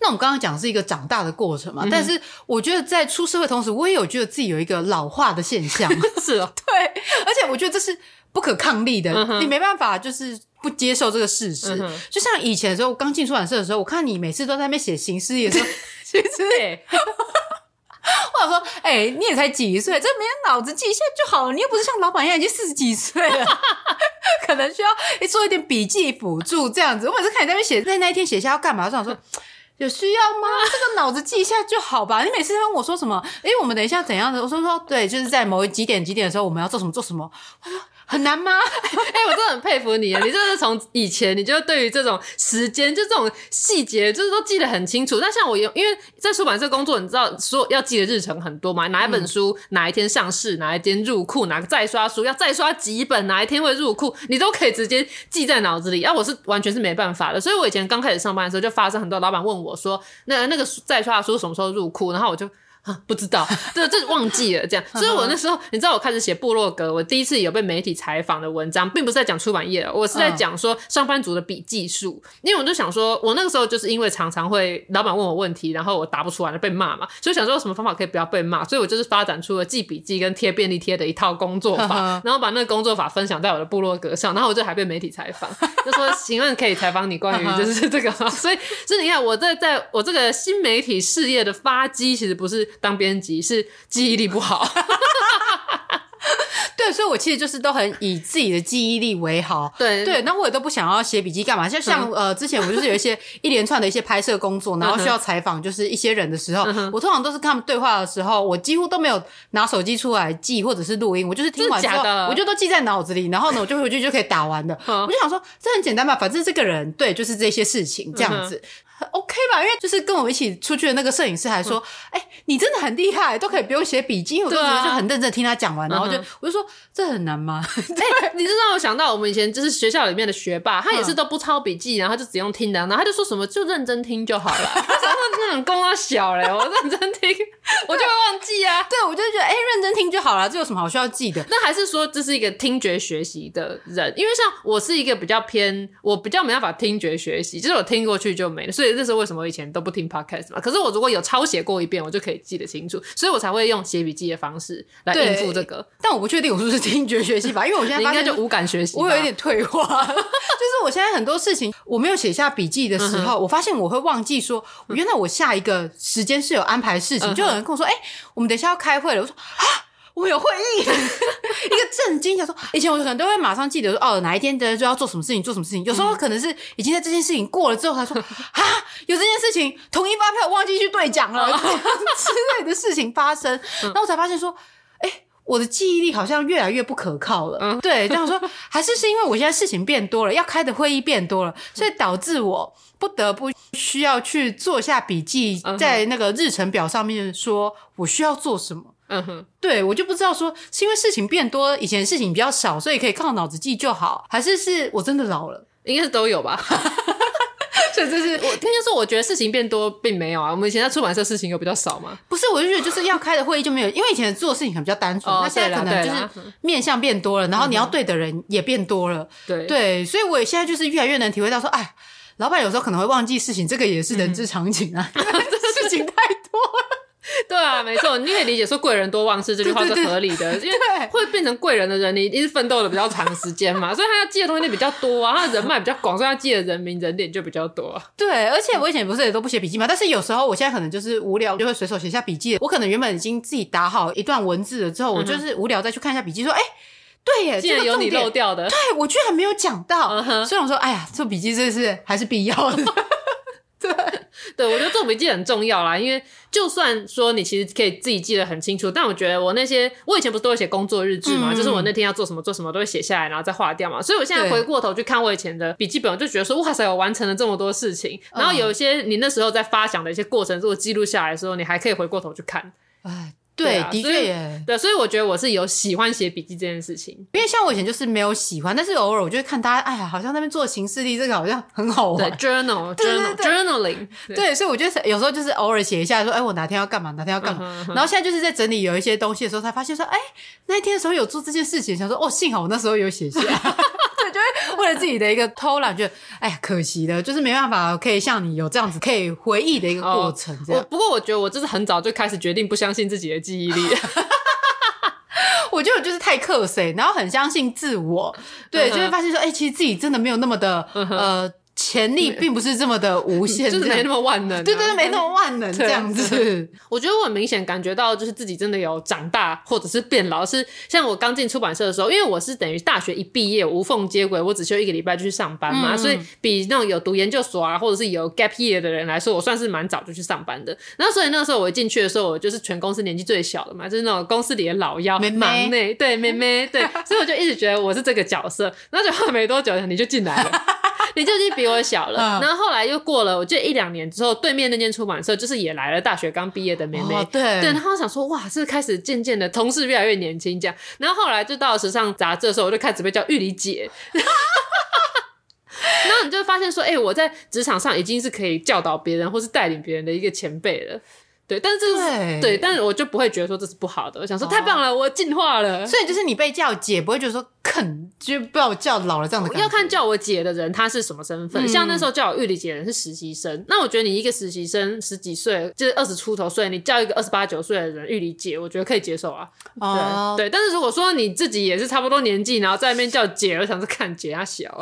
那我們剛剛講是一個長大的過程嘛，嗯、哼但是我覺得在出社會同時，我也有覺得自己有一個老化的現象，是哦、喔， [laughs] 對。而且我覺得這是不可抗力的，嗯、哼你沒辦法就是不接受這個事實。嗯、哼就像以前的時候，我剛進出版社的時候，我看你每次都在那邊寫行事曆，也說行事曆，我想說：“哎、欸，你也才幾歲，這每天腦子記一下就好了。你又不是像老闆一樣，已經四十幾歲了， [laughs] 可能需要做一點筆記輔助這樣子。我每次看你在那邊寫，在那一天寫下要幹嘛。”就想說：“有需要嗎？這個腦子記一下就好吧。”你每次跟我說什麼？哎、欸，我們等一下怎樣的？我說說對，就是在某一幾點幾點的時候，我們要做什麼做什麼。很難嗎？哎、 [laughs] 欸，我真的很佩服你啊！你就是從以前你就對於這種時間 [laughs] 就這種細節就是都記得很清楚。但像我，因為在出版社工作，你知道說要記的日程很多嘛？哪一本書、嗯、哪一天上市，哪一天入庫，哪個再刷書要再刷幾本，哪一天會入庫，你都可以直接記在腦子裡。啊，我是完全是沒辦法的。所以我以前剛開始上班的時候，就發生很多老闆問我說：“那個、那個再刷書什麼時候入庫？”然後我就，不知道，這這忘記了這樣。所以我那時候，你知道，我開始寫部落格，我第一次有被媒體採訪的文章，並不是在講出版業，我是在講說上班族的筆記術。因為我就想說，我那個時候就是因為常常會老闆問我問題，然後我答不出來被罵嘛，所以想說有什麼方法可以不要被罵，所以我就是發展出了記筆記跟貼便利貼的一套工作法，然後把那個工作法分享在我的部落格上，然後我就還被媒體採訪，就說行啊，請問可以採訪你關於就是這個嗎？所以，所以你看，我這在，在我這個新媒體事業的發跡其實不是，當編輯是記憶力不好， [laughs] [laughs] 對，所以，我其實就是都很以自己的記憶力為好，對對。那我也都不想要寫筆記幹嘛，就像像、嗯、呃，之前我就是有一些一連串的一些拍攝工作，然後需要採訪，就是一些人的時候，嗯、哼我通常都是跟他們對話的時候，我幾乎都沒有拿手機出來記或者是錄音，我就是聽完之後，我就都記在腦子裡，然後呢，我就回去就可以打完的。嗯、我就想說，這很簡單嘛，反正這個人對，就是這些事情這樣子。嗯 OK 吧，因為就是跟我們一起出去的那個攝影師還說：“哎、嗯欸，你真的很厲害，都可以不用寫筆記。我就啊”我覺得就很認真聽他講完，然後我就、嗯、哼我就說：“這很難嗎？”哎、欸，對你知道我想到我們以前就是學校裡面的學霸，他也是都不抄筆記，然後他就只用聽的，然後他就說什麼就認真聽就好了，他 [laughs] 是那種功勞小嘞。我認真聽， [laughs] 我就會忘記啊。對，我就覺得哎、欸，認真聽就好了，這有什麼好需要記的？那還是說這是一個聽覺學習的人？因為像我是一個比較偏，我比較沒辦法聽覺學習，就是我聽過去就沒了，所以。這是為什麼我以前都不聽 podcast 嘛？可是我如果有抄寫過一遍，我就可以記得清楚，所以我才會用寫筆記的方式來應付這個。但我不確定我是不是聽覺學習吧，因為我現在現、就是、應該就無感學習，我有一點退化。 [laughs] 就是我現在很多事情，我沒有寫下筆記的時候，嗯、哼我發現我會忘記說。說原來我下一個時間是有安排的事情，就有人跟我說：“哎、欸，我們等一下要開會了。”我說：“啊。”我有會議，一個震驚。想說，以前我可能都會馬上記得說，哦，哪一天的就要做什麼事情，做什麼事情。有時候可能是已經在這件事情過了之後，才說啊，有這件事情，統一發票忘記去兌獎了這樣之類的事情發生，然後我才發現說，哎，我的記憶力好像越來越不可靠了。對，這樣說，還是是因為我現在事情變多了，要開的會議變多了，所以導致我不得不需要去做下筆記，在那個日程表上面說我需要做什麼。嗯哼，對我就不知道說是因為事情變多，以前事情比較少，所以可以靠腦子記就好，還是是我真的老了？應該是都有吧。 [laughs] [laughs] 所以這是我那就是我覺得事情變多並沒有啊，我們以前在出版社事情又比較少嘛。不是，我就覺得就是要開的會議就沒有，因為以前做的事情可能比較單純，哦、那現在可能就是面向變多了，哦嗯、然後你要對的人也變多了。對、嗯哼，對，所以我現在就是越來越能體會到說，哎，老板有時候可能會忘記事情，這個也是人之常情啊，嗯、這事情太多了。對啊，沒錯，你也可以理解說“貴人多忘事”這句話是合理的，因為會變成貴人的人，你一直奮鬥的比較長時間嘛， [laughs] 所以他要記的東西就比較多啊，他的人脈比較廣，所以他記的人名、人臉就比較多啊。對，而且我以前不是也都不寫筆記嘛，但是有時候我現在可能就是無聊，就會隨手寫下筆記。我可能原本已經自己打好一段文字了之後，我就是無聊再去看一下筆記，說：“哎，對耶，竟然這個有你漏掉的。”對，我居然沒有講到，所以我說：“哎呀，做筆記這事還是必要的。” [laughs] 對 [laughs] 對，我覺得做筆記很重要啦，因為就算說你其實可以自己記得很清楚，但我覺得我那些我以前不是都會寫工作日誌嘛，嗯、哼就是我那天要做什麼做什麼都會寫下來，然後再劃掉嘛。所以我現在回過頭去看我以前的筆記本，我對就覺得說哇塞，我完成了這麼多事情，然後有一些你那時候在發想的一些過程，如果記錄下來的時候，你還可以回過頭去看。嗯對、啊，的確耶。對，所以我覺得我是有喜歡寫筆記這件事情，因為像我以前就是沒有喜歡，但是偶爾我就會看大家，哎呀，好像那邊做行事曆這個好像很好玩。Journal，journaling。對，所以我覺得有時候就是偶爾寫一下說，說哎，我哪天要幹嘛，哪天要幹嘛。Uh huh, uh huh. 然後現在就是在整理有一些東西的時候，才發現說，哎，那一天的時候有做這件事情，想說哦，幸好我那時候有寫一下。 [laughs] [laughs] 就會為了自己的一個偷懶，覺得哎，可惜了，就是沒辦法可以像你有這樣子可以回憶的一個過程這樣。樣、哦、不過我覺得我就是很早就開始決定不相信自己的記憶力， [laughs] [laughs] 我覺得我就是太克誰，然後很相信自我，對，嗯、哼就會發現說，哎、欸，其實自己真的沒有那麼的、嗯、哼呃。潛力並不是這麼的無限、嗯，就是沒那麼萬能、啊。對,對對，沒那麼萬能這樣子。我覺得我很明顯感覺到，就是自己真的有長大或者是變老。是像我剛進出版社的時候，因為我是等於大學一畢業無縫接軌，我只休一個禮拜就去上班嘛，嗯、所以比那種有讀研究所啊，或者是有 gap year 的人來說，我算是蠻早就去上班的。然後所以那時候我一進去的時候，我就是全公司年紀最小的嘛，就是那種公司裡的老幺，忙內妹對，妹妹對，所以我就一直覺得我是這個角色。 [laughs] 然後結果沒多久你就進來了。 [laughs] 你就已經比我小了，嗯、然後後來又過了，我記得，一兩年之後，對面那間出版社，就是也來了大學剛畢業的妹妹，哦、對，對，然後想說哇，這開始漸漸的同事越來越年輕，這樣，然後後來就到時尚雜誌的時候，我就開始被叫 Yuli 姐，嗯、 [laughs] 然後你就發現說，哎、欸，我在職場上已經是可以教導別人或是帶領別人的一個前輩了。對，但是這是對，對，但是我就不會覺得說這是不好的。我想說太棒了，哦、我進化了。所以就是你被叫姐不會覺得說，肯，就不要叫老了這樣的、哦。要看叫我姐的人她是什麼身份，嗯、像那時候叫我玉里姐的人是實習生，那我覺得你一個實習生十幾歲，就是二十出頭歲，你叫一個二十八九歲的人玉里姐，我覺得可以接受啊。哦，對。對，但是如果說你自己也是差不多年紀，然後在那邊叫姐，我想是看姐她小， [laughs]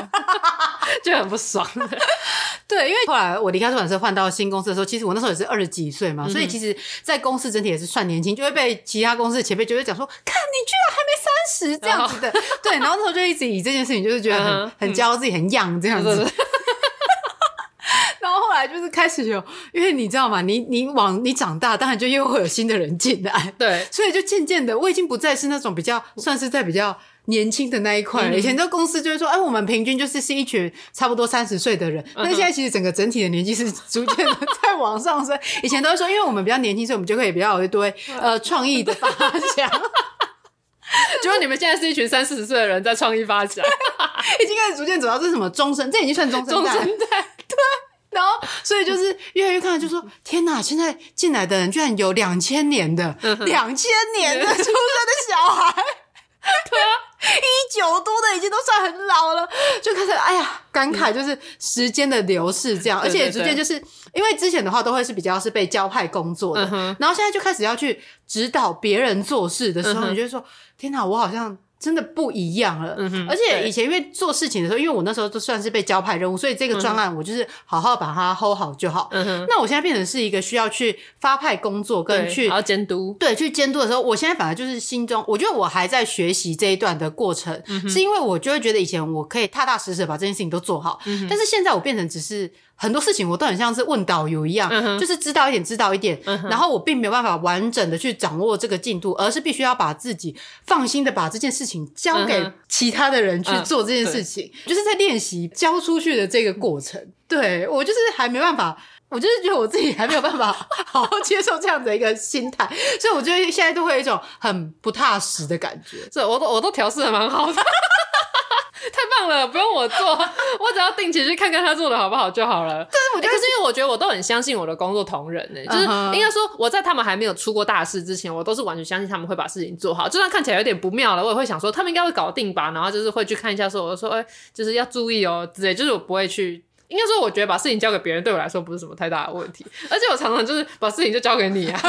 [laughs] 就很不爽。 [laughs] 對，因為後來我離開出版社換到新公司的時候，其實我那時候也是二十幾歲嘛，嗯、哼所以其實，在公司整體也是算年輕，就會被其他公司前輩就會講說，看你居然還沒三十這樣子的。後對，然後那時候就一直以這件事情就是覺得很、嗯、很驕傲自己很 young 這樣子。嗯、 [laughs] 然後後來就是開始有，因為你知道嘛，你你往你長大，當然就又會有新的人進來。對，所以就漸漸的，我已經不再是那種比較算是在比較。年輕的那一塊，以前的公司就會說，哎、啊，我們平均就是是一群差不多三十歲的人。那、嗯、哼現在其實整個整體的年紀是逐漸的在往上升。以前都是說，因為我們比較年輕，所以我們就可以比較有一堆對呃創意的發想。對就說你們現在是一群三四十歲的人在創意發想，已經開始逐漸走到是什麼中生？這已經算中生，生代，對。然後所以就是越來越看，就說天哪，現在進來的人居然有兩千年的、兩千、嗯、哼年的出生的小孩，對啊。 [laughs] 一九 [laughs] 多的已經都算很老了，就開始哎呀感慨，就是時間的流逝這樣，嗯、對對對，而且逐漸就是因為之前的話都會是比較是被交派工作的，嗯、哼然後現在就開始要去指導別人做事的時候，嗯、哼你就會說天哪，我好像。真的不一樣了，嗯、哼而且以前因為做事情的時候，對因為我那時候都算是被交派任務，所以這個專案我就是好好把它 hold 好就好。嗯、哼那我現在變成是一個需要去發派工作，跟去監督，對，去監督的時候，我現在反而就是心中，我覺得我還在學習這一段的過程，嗯、哼是因為我就會覺得以前我可以踏踏實實把這件事情都做好，嗯、哼但是現在我變成只是。很多事情我都很像是問導遊一樣，嗯、哼就是知道一點，知道一點，嗯、哼然後我並沒有辦法完整的去掌握這個進度，嗯、哼而是必須要把自己放心的把這件事情交給其他的人去做這件事情，嗯嗯、就是在練習交出去的這個過程。嗯、對，我就是還沒辦法，我就是覺得我自己還沒有辦法好好接受這樣的一個心態， [laughs] 所以我覺得現在都會有一種很不踏實的感覺。這我都我都調適得蠻好的。 [laughs] 太棒了，不用我做， [laughs] 我只要定期去看看他做的好不好就好了。但是我覺得，欸、可是因為我覺得我都很相信我的工作同仁呢、欸，uh huh. 就是應該說我在他們還沒有出過大事之前，我都是完全相信他們會把事情做好。就算看起來有點不妙了，我也會想說他們應該會搞定吧。然後就是會去看一下，說我說哎、欸，就是要注意哦、喔、之類。就是我不會去，應該說我覺得把事情交給別人對我來說不是什麼太大的問題。而且我常常就是把事情就交給你啊。 [laughs]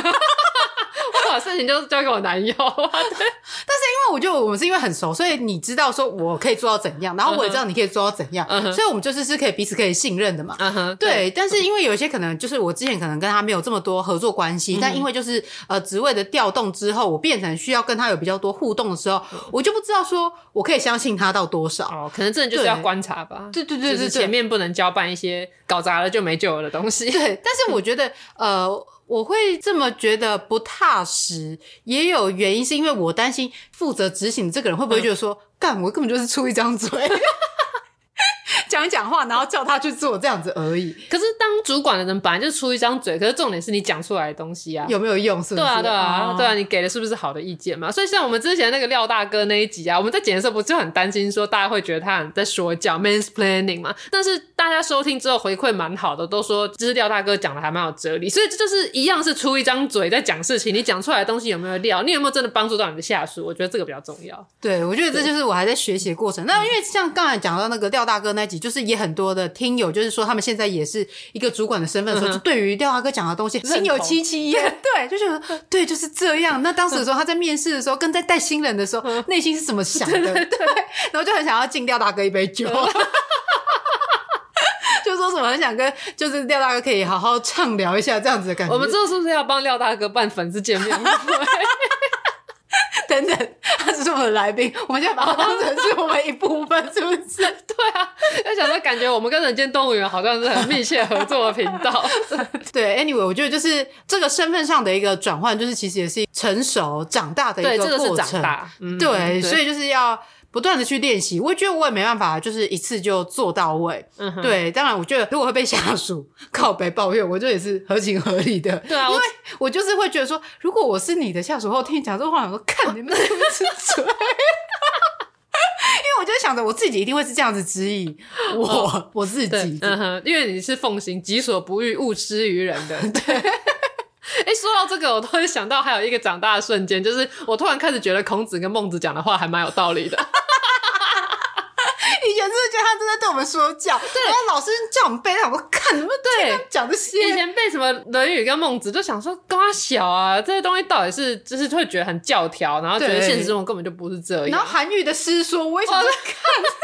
事情就交給我男友啊，對。但是因為我覺得我們是因為很熟，所以你知道說我可以做到怎樣，然後我也知道你可以做到怎樣，所以我們就是是可以彼此可以信任的嘛。對。但是因為有一些可能就是我之前可能跟他沒有這麼多合作關係，但因為就是呃職位的調動之後，我變成需要跟他有比較多互動的時候，我就不知道說我可以相信他到多少。可能真的就是要觀察吧。對對對對，就是前面不能交辦一些搞砸了就沒救了的東西。對，但是我覺得呃。我會這麼覺得不踏實，也有原因，是因為我擔心負責執行的這個人會不會覺得說，幹、嗯，我根本就是出一張嘴。 [laughs] 講一講話，然後叫他去做這樣子而已。 [laughs] 可是當主管的人本來就出一張嘴，可是重點是你講出來的東西啊，有沒有用？是不是？對啊，對啊，對啊、uh，huh。對啊。你給的是不是好的意見嘛？所以像我們之前那個廖大哥那一集啊，我們在剪的時候不就很擔心說大家會覺得他很在說教 mansplaining 嘛？但是大家收聽之後回饋蠻好的，都說其實廖大哥講的還蠻有哲理。所以這就是一樣是出一張嘴在講事情，你講出來的東西有沒有料？你有沒有真的幫助到你的下屬？我覺得這個比較重要。對，我覺得這就是我還在學習的過程。對那因為像剛才講到那個廖大哥。那集就是也很多的聽友，就是說他們現在也是一個主管的身份的時候，就對於廖大哥講的東西心有戚戚焉，對，就覺得對，對就是這樣。嗯、那當時的時候，他在面試的時候，跟在帶新人的時候，內、嗯、心是怎麼想的？對,對,對，然後就很想要敬廖大哥一杯酒，嗯、 [laughs] 就說什麼很想跟就是廖大哥可以好好暢聊一下這樣子的感覺。我們之後是不是要幫廖大哥辦粉絲見面會？ [laughs] 等等，他是我們的來賓，我們先把他當成是我們一部分， [laughs] 是不是？對啊，要想說感覺我們跟人間動物園好像是很密切合作的頻道。 [laughs] 對，anyway，我覺得就是這個身份上的一個轉換，就是其實也是成熟長大的一個過程。對，這個是長大。對，所以就是要。不斷的去練習，我覺得我也沒辦法，就是一次就做到位。嗯、哼對，當然，我覺得如果會被下屬靠北抱怨，我覺得也是合情合理的。對啊，因為我就是會覺得說，如果我是你的下屬後，我聽你講這話，我想說，看你們是不是嘴。 [laughs] [laughs] 因為我就想着，我自己一定會是這樣子質疑。我、哦、我自己、嗯，因為你是奉行“己所不欲，勿施於人”的。對。哎、欸，說到這個，我突然想到還有一個長大的瞬間，就是我突然開始覺得孔子跟孟子講的話還蠻有道理的。以前真的覺得他真的對我們說教，對然後老師叫我們背，讓我們看什麼對講這些。以前背什麼《論語》跟《孟子》，就想說跟他小啊，這些東西到底是就是會覺得很教條，然後覺得現實中根本就不是這樣。然後韓愈的師說，我為什麼看？ [laughs]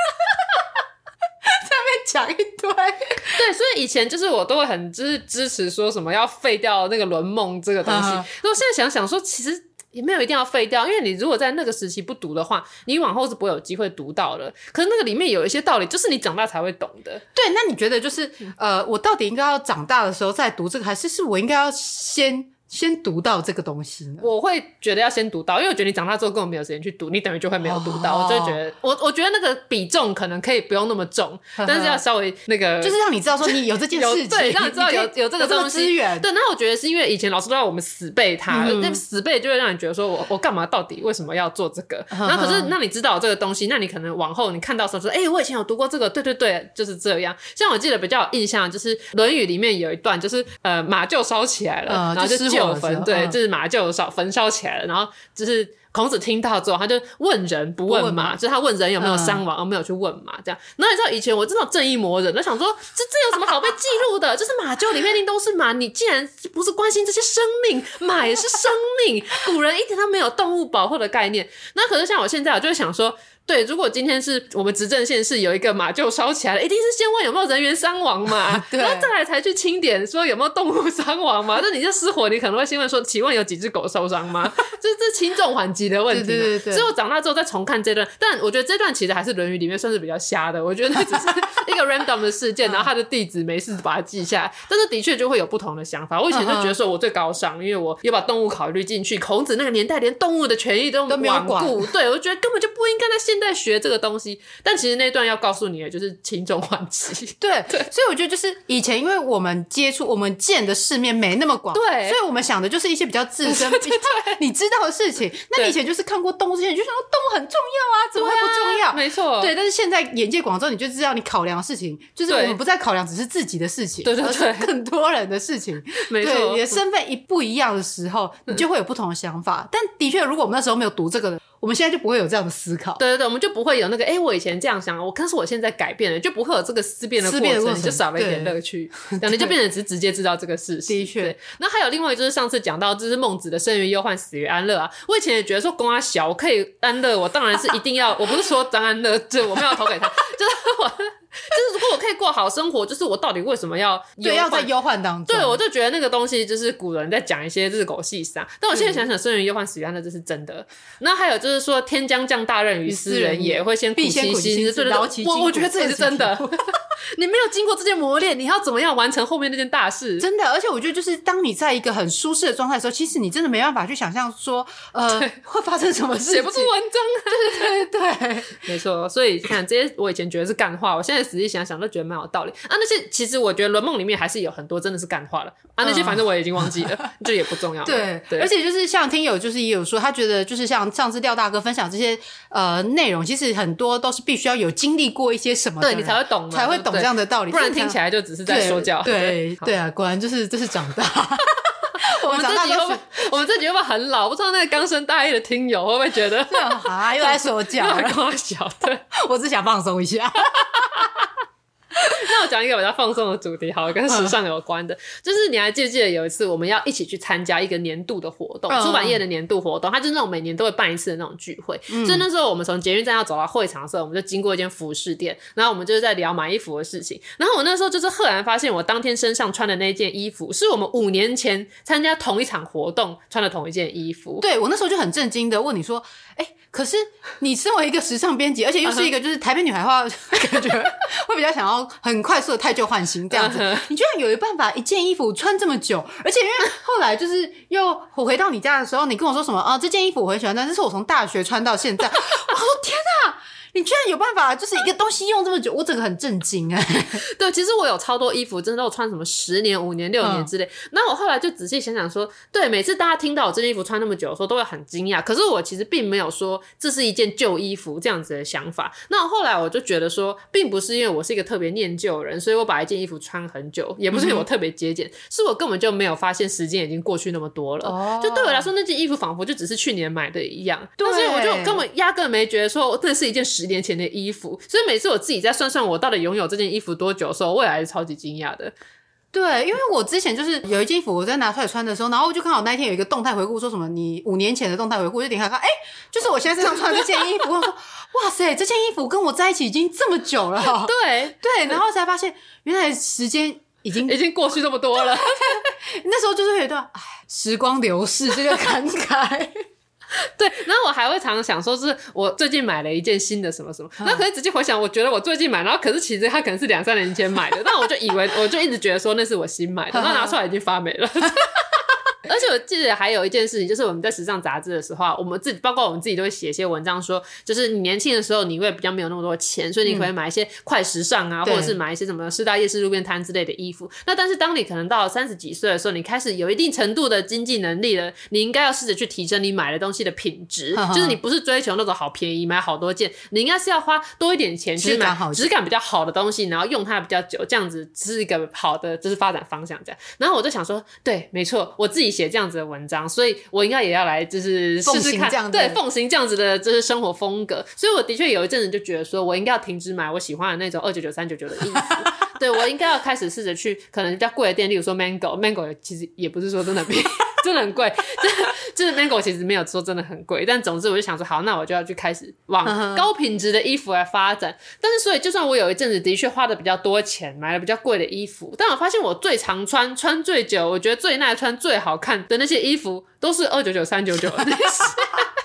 上面講一堆，對，所以以前就是我都會很就是支持說什麼要廢掉那個論孟這個東西。然後、啊、現在想想說，其實也沒有一定要廢掉，因為你如果在那個時期不讀的話，你往後是不會有機會讀到了。可是那個裡面有一些道理，就是你長大才會懂的。對，那你覺得就是呃，我到底應該要長大的時候再讀這個，還是是我應該要先？先讀到這個東西，我會覺得要先讀到，因為我覺得你長大之後根本沒有時間去讀，你等於就會沒有讀到。哦、我就會覺得，我我覺得那個比重可能可以不用那麼重，呵呵，但是要稍微那個，就是讓你知道說你有這件事情，對，讓你知道有有這個這個資源。對，那我覺得是因為以前老師都讓我們死背它，那、嗯、死背就會讓你覺得說我我幹嘛到底為什麼要做這個？呵呵，然後可是那你知道這個東西，那你可能往後你看到時候說，哎、欸，我以前有讀過這個，對對對，就是這樣。像我記得比較有印象就是《論語》裡面有一段，就是呃馬廄燒起來了，嗯、然後就是。焚 [noise] 對，就是馬廄燒焚燒起來了，嗯、然後就是孔子聽到之後，他就問人不問馬，就是他問人有沒有傷亡，嗯哦、沒有去問馬這樣。然後你知道以前我真的正義魔人，他想說這這有什麼好被記錄的？ [laughs] 就是馬廄裡面的都是馬，你竟然不是關心這些生命，馬也是生命。古人一點都沒有動物保護的概念。那可是像我現在，我就會想說。對，如果今天是我們執政縣市有一個馬廄燒起來了，一定是先問有沒有人員傷亡嘛， [laughs] 對然後再來才去清點說有沒有動物傷亡嘛。那你就失火，你可能會先問說，請問有幾隻狗受傷嗎？ [laughs] 這是這輕重緩急的問題。對對對對。之後長大之後再重看這段，但我覺得這段其實還是《論語》裡面算是比較瞎的。我覺得那只是一個 random 的事件， [laughs] 然後他的弟子沒事把它記下。但是的確就會有不同的想法。我以前就覺得說我最高尚，因為我有把動物考慮進去。孔子那個年代連動物的權益都，都沒有管顧，對我覺得根本就不應該在些。現在學這個東西，但其實那段要告訴你的就是輕重緩急。對，所以我覺得就是以前，因為我們接觸、我們見的世面沒那麼廣，對，所以我們想的就是一些比較自身、比較你知道的事情。那你以前就是看過動物之前，你就想到動物很重要啊，怎麼會不重要？沒錯，對。但是現在眼界廣之後，你就知道你考量的事情就是我們不再考量只是自己的事情，而是更多人的事情。沒錯，你的身份一不一樣的時候，你就會有不同的想法。但的確，如果我們那時候沒有讀這個的。我們現在就不會有這樣的思考，對對對，我們就不會有那個，誒、欸。我以前這樣想，我可是我現在改變了，就不會有這個思辨的過程，過程就少了一點樂趣，感覺對就變成直直接知道這個事實。的確對，那對還有另外就是上次講到，就是孟子的“生於憂患，死於安樂”啊，我以前也覺得說公阿、啊、小我可以安樂，我當然是一定要， [laughs] 我不是說張安樂，這我沒有投給他， [laughs] 就是我。如果我可以過好生活，就是我到底為什麼要對，要在憂患當中？對，我就覺得那個東西就是古人在講一些日狗細桑，但我現在想想生於憂患死於安樂，這是真的。那還有就是說天將降大任於斯人也會先必先苦其心志，勞其筋骨。我我覺得這也是真的。你沒有經過這些磨練，你要怎麼樣完成後面那件大事？真的，而且我覺得就是當你在一個很舒適的狀態的時候，其實你真的沒辦法去想象說呃會發生什麼事，寫不出文章。對對對，沒錯。所以你看這些，我以前覺得是幹話，我現在實際想想。都覺得蠻有道理啊。那些其實我覺得《論孟》裡面還是有很多真的是幹話啊！那些反正我也已經忘記了，這也不重要。對，而且就是像聽友，就是也有說他覺得就是像上次廖大哥分享這些呃內容，其實很多都是必須要有經歷過一些什麼的，你才會懂，才會懂這樣的道理。不然聽起來就只是在說教。對，對啊，果然就是就是長大。我們自己會不會我們自己會不會很老，不知道那個剛升大一的聽友會不會覺得啊，又在說教了？我曉得，我只想放鬆一下。 [laughs] 那我講一個比較放鬆的主題，好，跟時尚有關的，uh, 就是你還記不記得有一次我們要一起去參加一個年度的活動，uh, 出版業的年度活動，它就是那種每年都會辦一次的那種聚會。就、um, 那時候我們從捷運站要走到會場的時候，我們就經過一間服飾店，然後我們就是在聊買衣服的事情。然後我那時候就是赫然發現，我當天身上穿的那件衣服，是我們五年前參加同一場活動穿的同一件衣服。對，我那時候就很震驚的問你說，哎、欸。可是，你身為一個時尚編輯，而且又是一個就是台北女孩的話，uh huh. [laughs] 感覺會比較想要很快速的汰舊換新這樣子。Uh huh. 你居然有一辦法，一件衣服穿這麼久，而且因為後來就是又我回到你家的時候，你跟我說什麼啊？這件衣服我很喜歡但這是，是我從大學穿到現在。哦天哪、啊！ [laughs] 你居然有辦法，就是一個東西用這麼久，嗯、我整個很震驚哎、欸。對，其實我有超多衣服，真的都穿什麼十年、五年、六年之類。那、嗯、我後來就仔細想想說，對，每次大家聽到我這件衣服穿那麼久的時候，都會很驚訝。可是我其實並沒有說這是一件舊衣服這樣子的想法。那後,後來我就覺得說，並不是因為我是一個特別念舊的人，所以我把一件衣服穿很久，也不是因為我特別節儉，嗯、是我根本就沒有發現時間已經過去那麼多了。哦、就對我來說，那件衣服仿佛就只是去年買的一樣。對，對所以我就根本壓根沒覺得說這是一件時。十年前的衣服，所以每次我自己在算算，我到底擁有這件衣服多久的時候，我也還是超級驚訝的。對，因為我之前就是有一件衣服，我在拿出來穿的時候，然後我就看到那天有一個動態回顧，說什麼你五年前的動態回顧，就點開看，哎、欸，就是我現在身上穿這件衣服， [laughs] 我說哇塞，這件衣服跟我在一起已經這麼久了， [laughs] 對對，然後才發現原來時間已經已經過去這麼多了。 [laughs] 那時候就是有一段哎，時光流逝這個感慨。 [laughs] 對，然後我還會常常想說，是我最近買了一件新的什麼什麼，那、嗯、可是仔細回想，我覺得我最近買，然後可是其實它可能是兩三年前買的， [laughs] 但我就以為，我就一直覺得說那是我新買的，那 [laughs] 拿出來已經發霉了。 [laughs] [laughs] 而且我記得還有一件事情，就是我們在時尚雜誌的時候，我們自己包括我們自己都會寫一些文章說，說就是你年輕的時候你會比較沒有那麼多錢，所以你可以買一些快時尚啊，嗯、或者是買一些什麼四大夜市路邊攤之類的衣服。那但是當你可能到三十幾歲的時候，你開始有一定程度的經濟能力了，你應該要試着去提升你買的東西的品質，好好就是你不是追求那種好便宜買好多件，你應該是要花多一點錢去買質感比較好的東西，然後用它比較久，這樣子是一個好的就是發展方向這樣。然後我就想說，對，沒錯，我自己。寫這樣子的文章，所以我應該也要來，就是試試看，對，奉行這樣子的，就是生活風格。所以我的確有一陣子就覺得，說我應該要停止買我喜歡的那種二九九三九九的衣服， [laughs] 對我應該要開始試着去可能比較貴的店，例如說 Mango，Mango Mango 其實也不是說真的很貴，真的很貴。真的很就是 Mango 其實沒有說真的很貴，但總之我就想說，好，那我就要去開始往高品質的衣服來發展。呵呵。但是所以，就算我有一陣子的確花的比較多錢，買了比較貴的衣服，但我發現我最常穿、穿最久、我覺得最耐穿、最好看的那些衣服，都是二九九、三九九的那些。 [laughs]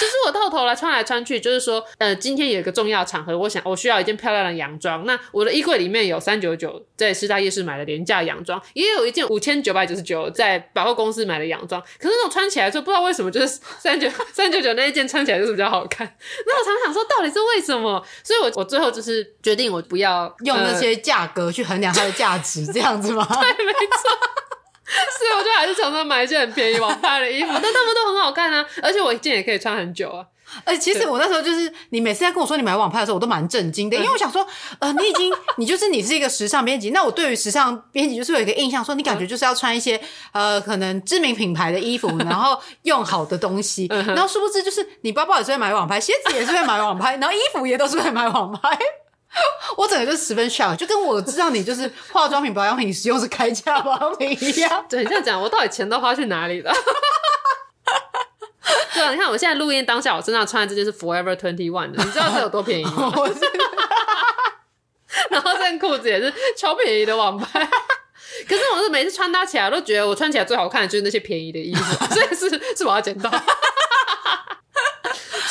就是我到頭來穿來穿去，就是說，呃，今天有一個重要場合，我想我需要一件漂亮的洋裝。那我的衣櫃裡面有三九九在師大夜市買的廉價洋裝，也有一件五千九百九十九在百貨公司買的洋裝。可是那種穿起來就不知道為什麼就是三九三九九那一件穿起來就是比較好看。那我常常想說，到底是為什麼？所以我，我我最後就是決定，我不要、呃、用那些價格去衡量它的價值，這樣子嗎？ [laughs] 對，沒錯。 [laughs] [laughs] 所以我就還是常常買一些很便宜網拍的衣服， [laughs] 但他們都很好看啊，而且我一件也可以穿很久啊。哎，其實我那時候就是，是你每次在跟我說你買網拍的時候，我都蠻震驚的，對因為我想說，呃，你已經，你就是你是一個時尚編輯， [laughs] 那我對於時尚編輯就是有一個印象，說你感覺就是要穿一些呃可能知名品牌的衣服，然後用好的東西， [laughs] 然後殊不知就是你包包也是會買網拍，鞋子也是會買網拍， [laughs] 然後衣服也都是會買網拍。我整個就十分 shock，就跟我知道你就是化妝品保養品使用是開價保養品一樣。對，這樣講，我到底錢都花去哪裡了？ [laughs] 對啊，你看我現在錄音當下，我身上穿的這件是 Forever Twenty One 的，你知道這有多便宜嗎？ [laughs] 然後這件褲子也是超便宜的網拍， [laughs] 可是我是每次穿搭起來都覺得我穿起來最好看的就是那些便宜的衣服，所以是是我要撿到。 [laughs]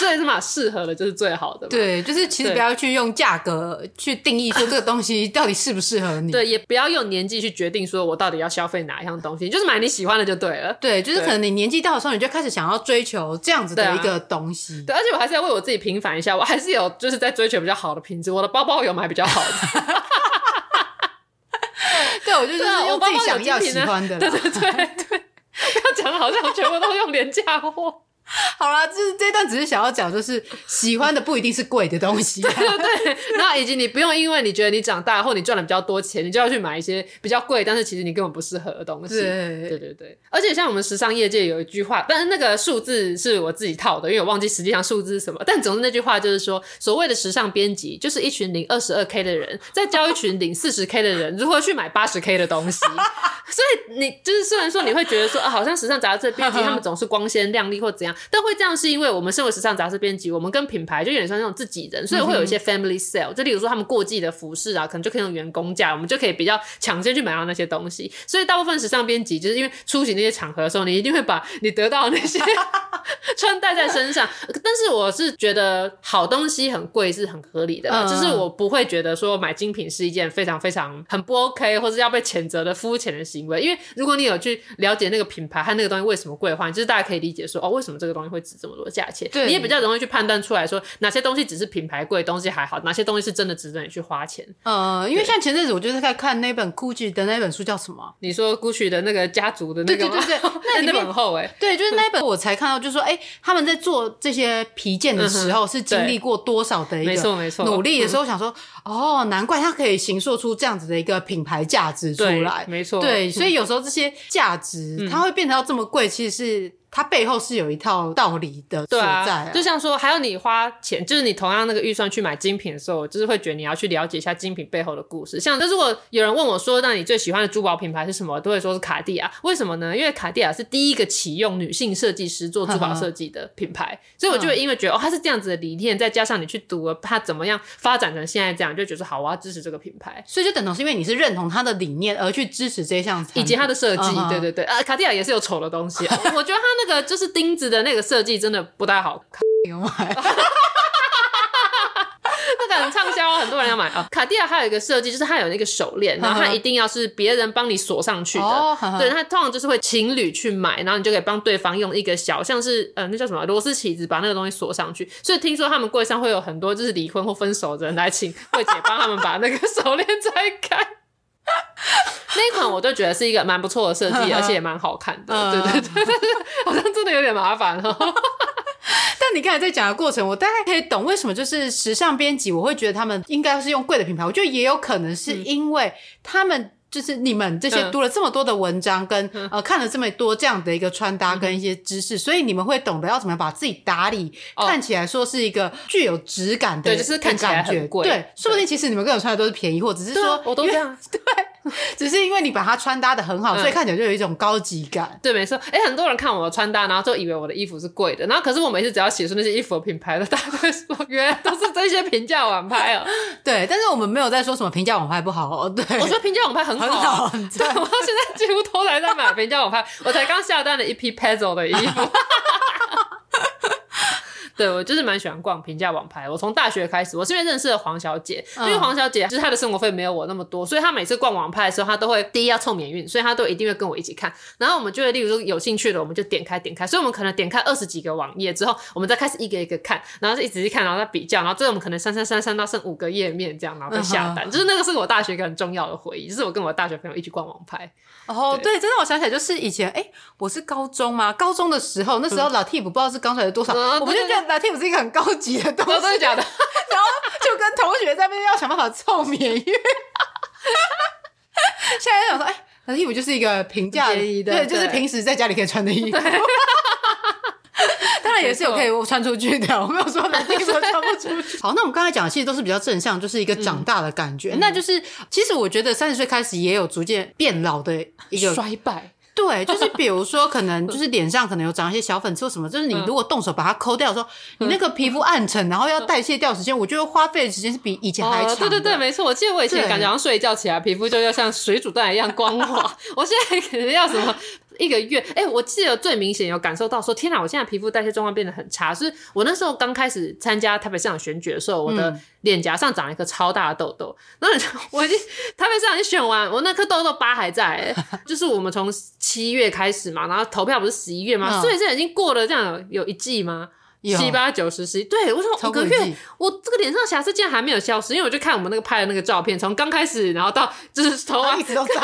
還是蠻適合的就是最好的。對，就是其實不要去用價格去定義說這個東西到底適不適合你。對，也不要用年紀去決定說我到底要消費哪一樣東西，就是買你喜歡的就對了。對，對，就是可能你年紀到的時候，你就開始想要追求這樣子的一個東西。對，對，而且我還是要為我自己平反一下，我還是有就是在追求比較好的品質，我的包包有買比較好的。對，我就是用包包有、啊、我自己想要喜歡的。對對對對，對，不要講的好像我全部都用廉價貨。好了，就是這段只是想要講，就是喜歡的不一定是貴的東西， [laughs] 對,對對。那以及你不用因為你覺得你長大後你賺了比較多錢，你就要去買一些比較貴，但是其實你根本不適合的東西。對對對,對,對,對。而且像我們時尚業界有一句話，但是那個數字是我自己套的，因為我忘記實際上數字是什麼。但總是那句話就是說，所謂的時尚編輯就是一群領二十二 k 的人在教一群領四十 k 的人如何去買八十 k 的東西。所以你就是雖然說你會覺得說，啊，好像時尚雜誌編輯他們總是光鮮亮麗或怎樣。但會這樣是因為我們身為時尚雜誌編輯，我們跟品牌就有點像那種自己人，所以會有一些 family sale。就例如說他們過季的服飾啊，可能就可以用員工價，我們就可以比較搶先去買到那些東西。所以大部分時尚編輯就是因為出席那些場合的時候，你一定會把你得到的那些穿戴在身上。但是我是覺得好東西很貴是很合理的，就是我不會覺得說買精品是一件非常非常很不 OK 或者是要被譴責的膚淺的行為。因為如果你有去了解那個品牌和那個東西為什麼貴的話，就是大家可以理解說哦，為什麼這。這個東西會值這麼多價錢，對你也比較容易去判斷出來說哪些東西只是品牌貴，東西還好；哪些東西是真的值得你去花錢。嗯、呃，因為像前陣子，對我就是在看那本 Gucci 的那本書叫什麼？你說 Gucci 的那個家族的那個？對，對對對對，那， [laughs] 那本。很厚哎。對，就是那本我才看到，就是說哎、欸，他們在做這些皮件的時候是經歷過多少的一個沒錯沒錯努力的時候，嗯、時候想說、嗯、哦，難怪他可以形塑出這樣子的一個品牌價值出來。對沒錯，對，所以有時候這些價值它會變成要這麼貴，嗯、其實是。它背後是有一套道理的存在。啊對啊，就像說，還有你花錢，就是你同樣那個預算去買精品的時候，我就是會覺得你要去了解一下精品背後的故事。像，那如果有人問我說，那你最喜歡的珠寶品牌是什麼？都會說是卡地亞。為什麼呢？因為卡地亞是第一個啟用女性設計師做珠寶設計的品牌，uh huh. 所以我就會因為覺得哦，它是這樣子的理念，再加上你去讀了它怎麼樣發展成現在這樣，就覺得好，我要支持這個品牌。所以就等同是因為你是認同它的理念而去支持這項，以及它的設計。Uh huh. 對對對，啊、呃，卡地亞也是有醜的東西， [laughs] 我覺得它那個。那個就是釘子的那個設計，真的不太好看。要買，那很暢銷，很多人要買啊。卡地亞還有一個設計，就是它有那個手鏈，然後它一定要是別人幫你鎖上去的。Oh. 對，它通常就是會情侶去買，然後你就可以幫對方用一個小，像是呃那叫什麼螺絲起子，把那個東西鎖上去。所以聽說他們櫃上會有很多就是離婚或分手的人來請櫃姐幫他們把那個手鏈拆開。 [laughs] 那一款我就覺得是一個蠻不錯的設計， [laughs] 而且也蠻好看的。 [laughs] 對對對，好像真的有點麻煩齁。但你剛才在講的過程，我大概可以懂為什麼就是時尚編輯，我會覺得他們應該是用貴的品牌。我覺得也有可能是因為他們。就是你們這些讀了這麼多的文章跟，跟、嗯、呃看了這麼多這樣的一個穿搭跟一些知識，嗯嗯，所以你們會懂得要怎麼樣把自己打理，哦、看起來說是一個具有質感的感覺，對，就是看起來很貴，對，對說不定其實你們各種穿的都是便宜，或只是說我都這樣，對。只是因為你把它穿搭得很好，嗯、所以看起來就有一種高級感。對，沒錯。哎、欸，很多人看我的穿搭，然後就以為我的衣服是貴的。然後，可是我每次只要寫出那些衣服的品牌的，大家都會說：“原來都是這些平價網拍哦、喔。 [laughs] 對，但是我們沒有在說什麼平價網拍不好喔，好啊，好。對，我說平價網拍很好，很好。我現在幾乎都在買平價網拍， [laughs] 我才剛下單了一批 Puzzle 的衣服。 [laughs] 對，我就是蠻喜歡逛平價網拍。我從大學開始，我這邊認識了黃小姐，嗯、因為黃小姐就是她的生活費沒有我那麼多，所以她每次逛網拍的時候，她都會第一要湊免運，所以她都一定會跟我一起看。然後我們就會，例如說有興趣的，我們就點開點開，所以我們可能點開二十幾個網頁之後，我們再開始一個一個看，然後是一直去看，然後再比較，然後最後我們可能刪刪刪刪到剩五個頁面這樣，然後再下單。嗯、哼就是那個是我大學一個很重要的回憶，就是我跟我大學朋友一起逛網拍。哦，對，真的我想起來，就是以前，哎，我是高中嗎？高中的時候，那時候老替不知道是剛才有多少，嗯、我們就這樣。T 恤是一個很高級的東西，都假的。 [laughs] 然後就跟同學在那邊要想辦法湊免運哈，現在想說，哎、欸，那衣服就是一個平價的，對，對，就是平時在家裡可以穿的衣服。對 [laughs] 當然也是我可以我穿出去的，啊、沒我沒有說那衣服穿不出去。 [laughs] 好，那我們剛才講的其實都是比較正向，就是一個長大的感覺。嗯嗯、那就是，其實我覺得三十歲開始也有逐漸變老的一個衰敗。對，就是比如說，可能就是臉上可能有長一些小粉刺什麼，就是你如果動手把它摳掉的時候，說你那個皮膚暗沉，然後要代謝掉時間，我覺得花費的時間是比以前還長。哦。對對對，沒錯，我記得我以前感覺好像睡一覺起來對皮膚就要像水煮蛋一樣光滑， [laughs] 我現在可能要什麼。一個月，哎、欸，我記得最明顯有感受到說，天哪，我現在皮膚代謝狀況變得很差。所以是我那時候剛開始參加台北市長選舉的時候，我的臉頰上長了一顆超大的痘痘。嗯、然我已經台北市長已經選完，我那顆痘痘疤還在、欸。就是我們從七月開始嘛，然後投票不是十一月嗎？哦、所以現在已經過了這樣有一季嗎？七八九十十一，7, 8, 9, 10, 11, 對，我說五個月，我這個臉上瑕疵竟然還沒有消失，因為我就看我們那個拍的那個照片，從剛開始然後到就是頭一直都在。 [laughs]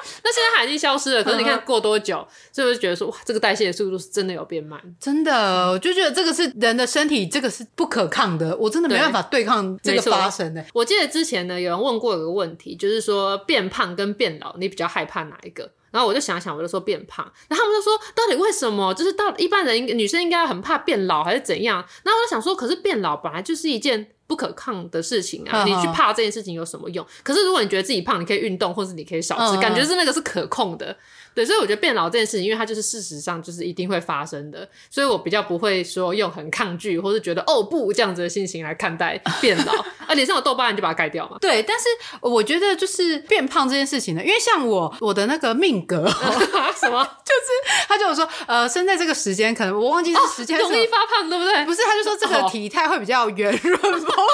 [laughs] 那現在它已經消失了，可是你看過多久，嗯、哼是不是覺得說哇，這個代謝的速度是真的有變慢？真的，我就覺得這個是人的身體，這個是不可抗的，我真的沒辦法對抗這個發生的、欸。我記得之前呢，有人問過有個問題，就是說變胖跟變老，你比較害怕哪一個？然後我就想一想，我就說變胖，然後他們就說到底為什麼？就是到一般人女生應該很怕變老還是怎樣？然後我就想說，可是變老本來就是一件不可抗的事情啊，oh, oh. 你去怕這件事情有什麼用？可是如果你覺得自己胖，你可以運動，或是你可以少吃，感、oh, oh. 覺是那個是可控的。對，所以我覺得變老這件事情，因為它就是事實上就是一定會發生的，所以我比較不會說用很抗拒或是覺得哦不這樣子的心情來看待變老 [laughs] 啊，臉上有痘疤你就把它蓋掉嘛。對，但是我覺得就是變胖這件事情呢，因為像我我的那個命格、哦、什麼， [laughs] 就是他就說呃生在這個時間可能我忘記是時間容易、哦、發胖對不對？不是，他就說這個體態會比較圓潤豐腴、方圓胖，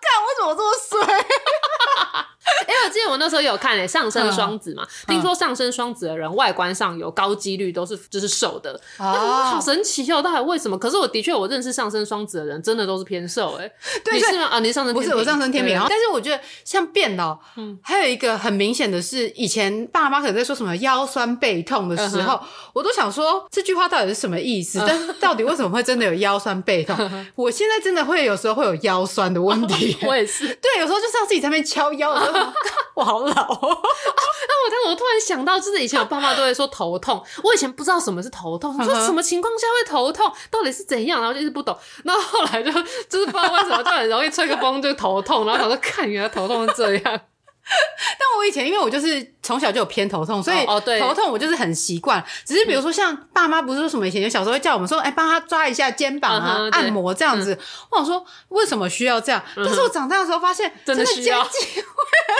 幹 [laughs] 我，我怎麼這麼衰。 [laughs] 哎，我記得我那時候有看欸，上升雙子嘛，聽說上升雙子的人外觀上有高幾率都是就是瘦的，好神奇哦！到底為什麼？可是我的確我認識上升雙子的人，真的都是偏瘦哎。你是嗎？啊？你上升不是，我上升天秤啊？但是我覺得像變老，嗯，還有一個很明顯的是，以前爸媽可能在說什麼腰酸背痛的時候，我都想說這句話到底是什麼意思？但是到底為什麼會真的有腰酸背痛？我現在真的會有時候會有腰酸的問題。我也是。對，有時候就是要自己在那邊敲腰的時候。 [laughs] 我好老喔 [laughs] 啊，那我我突然想到，就是以前我爸媽都會說頭痛， [coughs] 我以前不知道什麼是頭痛，說什麼情況下會頭痛，到底是怎樣？然後就一直不懂。那後，後來就就是不知道為什麼 [laughs] 就很容易吹個風就頭痛，然後想說，看原來頭痛是這樣。 [laughs] [laughs] 但我以前，因為我就是從小就有偏頭痛，所以頭痛我就是很習慣。哦、只是比如說，像爸媽不是說什麼以前有小時候會叫我們說，哎、嗯，幫、欸、他抓一下肩膀啊，嗯、哼按摩這樣子。嗯、我想說為什麼需要這樣？嗯、哼但是我長大的時候發現，嗯、真的肩頸會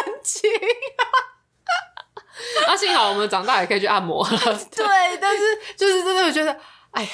很緊、啊。啊，幸好我們長大也可以去按摩了。對，對，但是就是真的覺得，哎呀，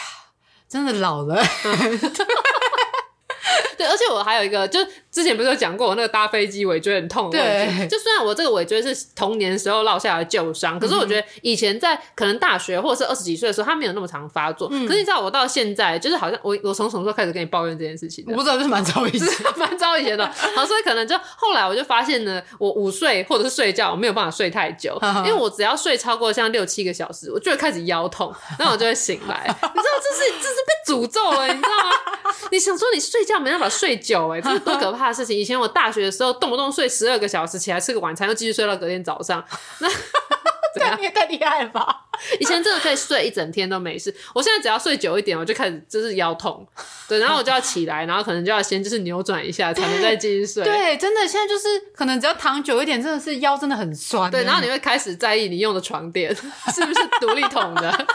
真的老了。嗯、 [laughs] [laughs] 對，而且我還有一個就。之前不是有講過我那個搭飛機尾椎很痛的問題？對就雖然我這個尾椎是童年的時候落下來的舊傷，嗯、哼可是我覺得以前在可能大學或者是二十幾歲的時候，它沒有那麼常發作。嗯、可是你知道我到現在，就是好像我我從什麼時候開始跟你抱怨這件事情？我不知道，就是蠻早以前，蠻早以前的。好，所以可能就後來我就發現呢，我午睡或者是睡覺我沒有辦法睡太久， [laughs] 因為我只要睡超過像六七個小時，我就會開始腰痛，然後我就會醒來。 [laughs] 你知道這是這是被詛咒了、欸，你知道嗎？ [laughs] 你想說你睡覺沒辦法睡久哎、欸，這是多可怕！ [laughs] 怕事情，以前我大學的時候，動不動睡十二個小時，起來吃個晚餐，又繼續睡到隔天早上。那這樣你也太厲害了吧！以前真的可以睡一整天都沒事。我現在只要睡久一點，我就開始就是腰痛，對，然後我就要起來，然後可能就要先就是扭轉一下，才能再繼續睡。對。對，真的現在就是可能只要躺久一點，真的是腰真的很酸。對，然後你會開始在意你用的床墊是不是獨立筒的。 [laughs]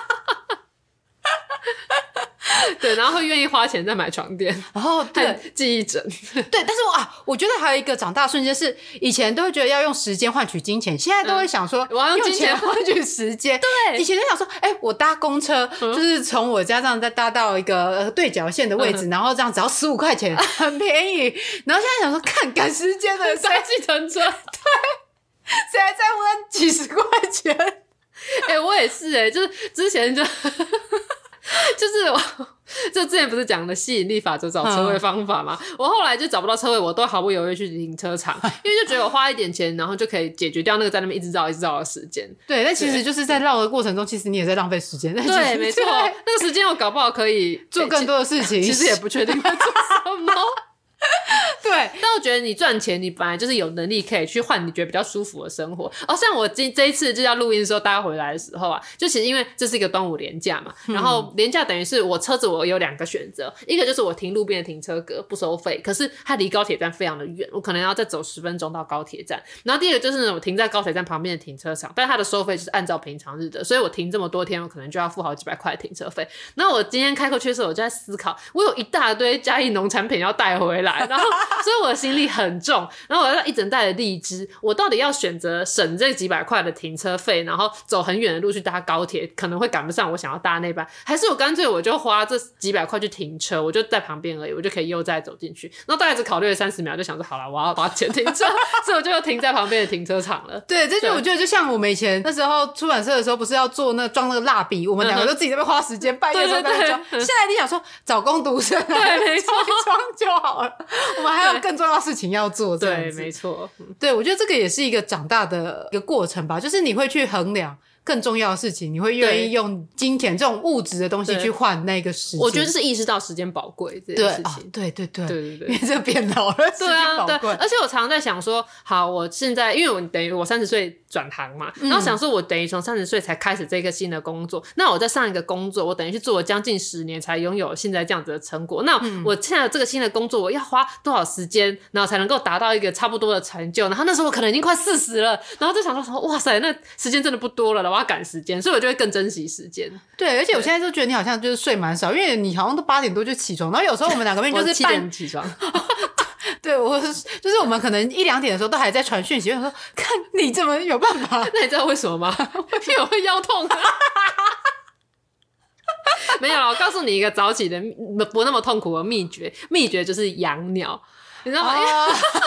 對，然後會願意花錢再買床墊，然後、哦、對記憶枕，對，但是哇、啊，我覺得還有一個長大的瞬間是，以前都會覺得要用時間換取金錢，現在都會想說、嗯、我要用金錢換取時間。對，以前都想說，哎、欸，我搭公車、嗯、就是從我家這樣再搭到一個對角線的位置，然後這樣只要十五塊錢，很便宜。嗯、 [laughs] 然後現在想說，看趕時間的塞計程車，誰誰對，誰還在乎那幾十塊錢？哎、 [laughs] 欸，我也是、欸，哎，就是之前就。 [laughs] 就是我，就之前不是講的吸引力法則找車位方法嗎？嗯、我後來就找不到車位，我都毫不猶豫去停車場，嗯、因為就覺得我花一點錢，然後就可以解決掉那個在那邊一直繞、一直繞的時間。對，但對其實就是在繞的過程中，對對其實你也在浪費時間。其實對，沒錯、喔，對那個時間我搞不好可以做更多的事情。欸、其實也不確定要做什麼。 [laughs] 對，但我覺得你賺錢，你本來就是有能力可以去換你覺得比較舒服的生活。哦，像我今這一次就要錄音的時候，大家回來的時候啊，就其實因為這是一個端午連假嘛，然後連假等於是我車子我有兩個選擇，一個就是我停路邊的停車格，不收費，可是它離高鐵站非常的遠，我可能要再走十分鐘到高鐵站。然後第二個就是呢，我停在高鐵站旁邊的停車場，但它的收費就是按照平常日的，所以我停這麼多天，我可能就要付好幾百塊的停車費。那我今天開過去的時候，我就在思考，我有一大堆嘉義農產品要帶回來，然後。 [laughs] 所以我的行李很重，然後我一整袋的荔枝，我到底要選擇省這幾百塊的停車費，然後走很遠的路去搭高鐵，可能會趕不上我想要搭那班，還是我乾脆我就花這幾百塊去停車，我就在旁邊而已，我就可以又再走進去。然後大概只考慮了三十秒，就想說好啦，我要花錢停車。 [laughs] 所以我就停在旁邊的停車場了。對，這就我覺得就像我沒錢對那時候出版社的時候，不是要做那裝那個蠟筆，我們兩個都自己在那花時間半夜在那裝。對對對，現在你想說找工讀生、啊，對沒錯，裝就好了，我們。還有更重要的事情要做，對。對，沒錯。對，我覺得這個也是一個長大的一個過程吧，就是你會去衡量。更重要的事情，你會願意用金錢對這種物質的東西去換那個時間？我覺得是意識到時間寶貴這件事情對、哦。對對對對對對，因為這變老了，對啊。寶貴。而且我常常在想說，好，我現在因為我等於我三十歲轉行嘛，然後想說，我等於從三十歲才開始這個新的工作，嗯、那我在上一個工作，我等於去做了將近十年才擁有現在這樣子的成果。那我現在這個新的工作，我要花多少時間，然後才能夠達到一個差不多的成就？然後那時候我可能已經快四十了，然後就想說，哇塞，那時間真的不多了，然後。我要趕時間，所以我就會更珍惜時間。對，而且我現在就覺得你好像就是睡蠻少，對因為你好像都八點多就起床，然後有時候我們兩個人就是七點起床。 [laughs] 對、我，就是、就是我們可能一兩點的時候都還在傳訊息，就說看你怎麼有辦法。那你知道為什麼嗎？因為我會腰痛。啊。 [laughs] [laughs] 沒有，我告訴你一個早起的不那麼痛苦的秘訣，秘訣就是養鳥，你知道嗎？啊？ [laughs]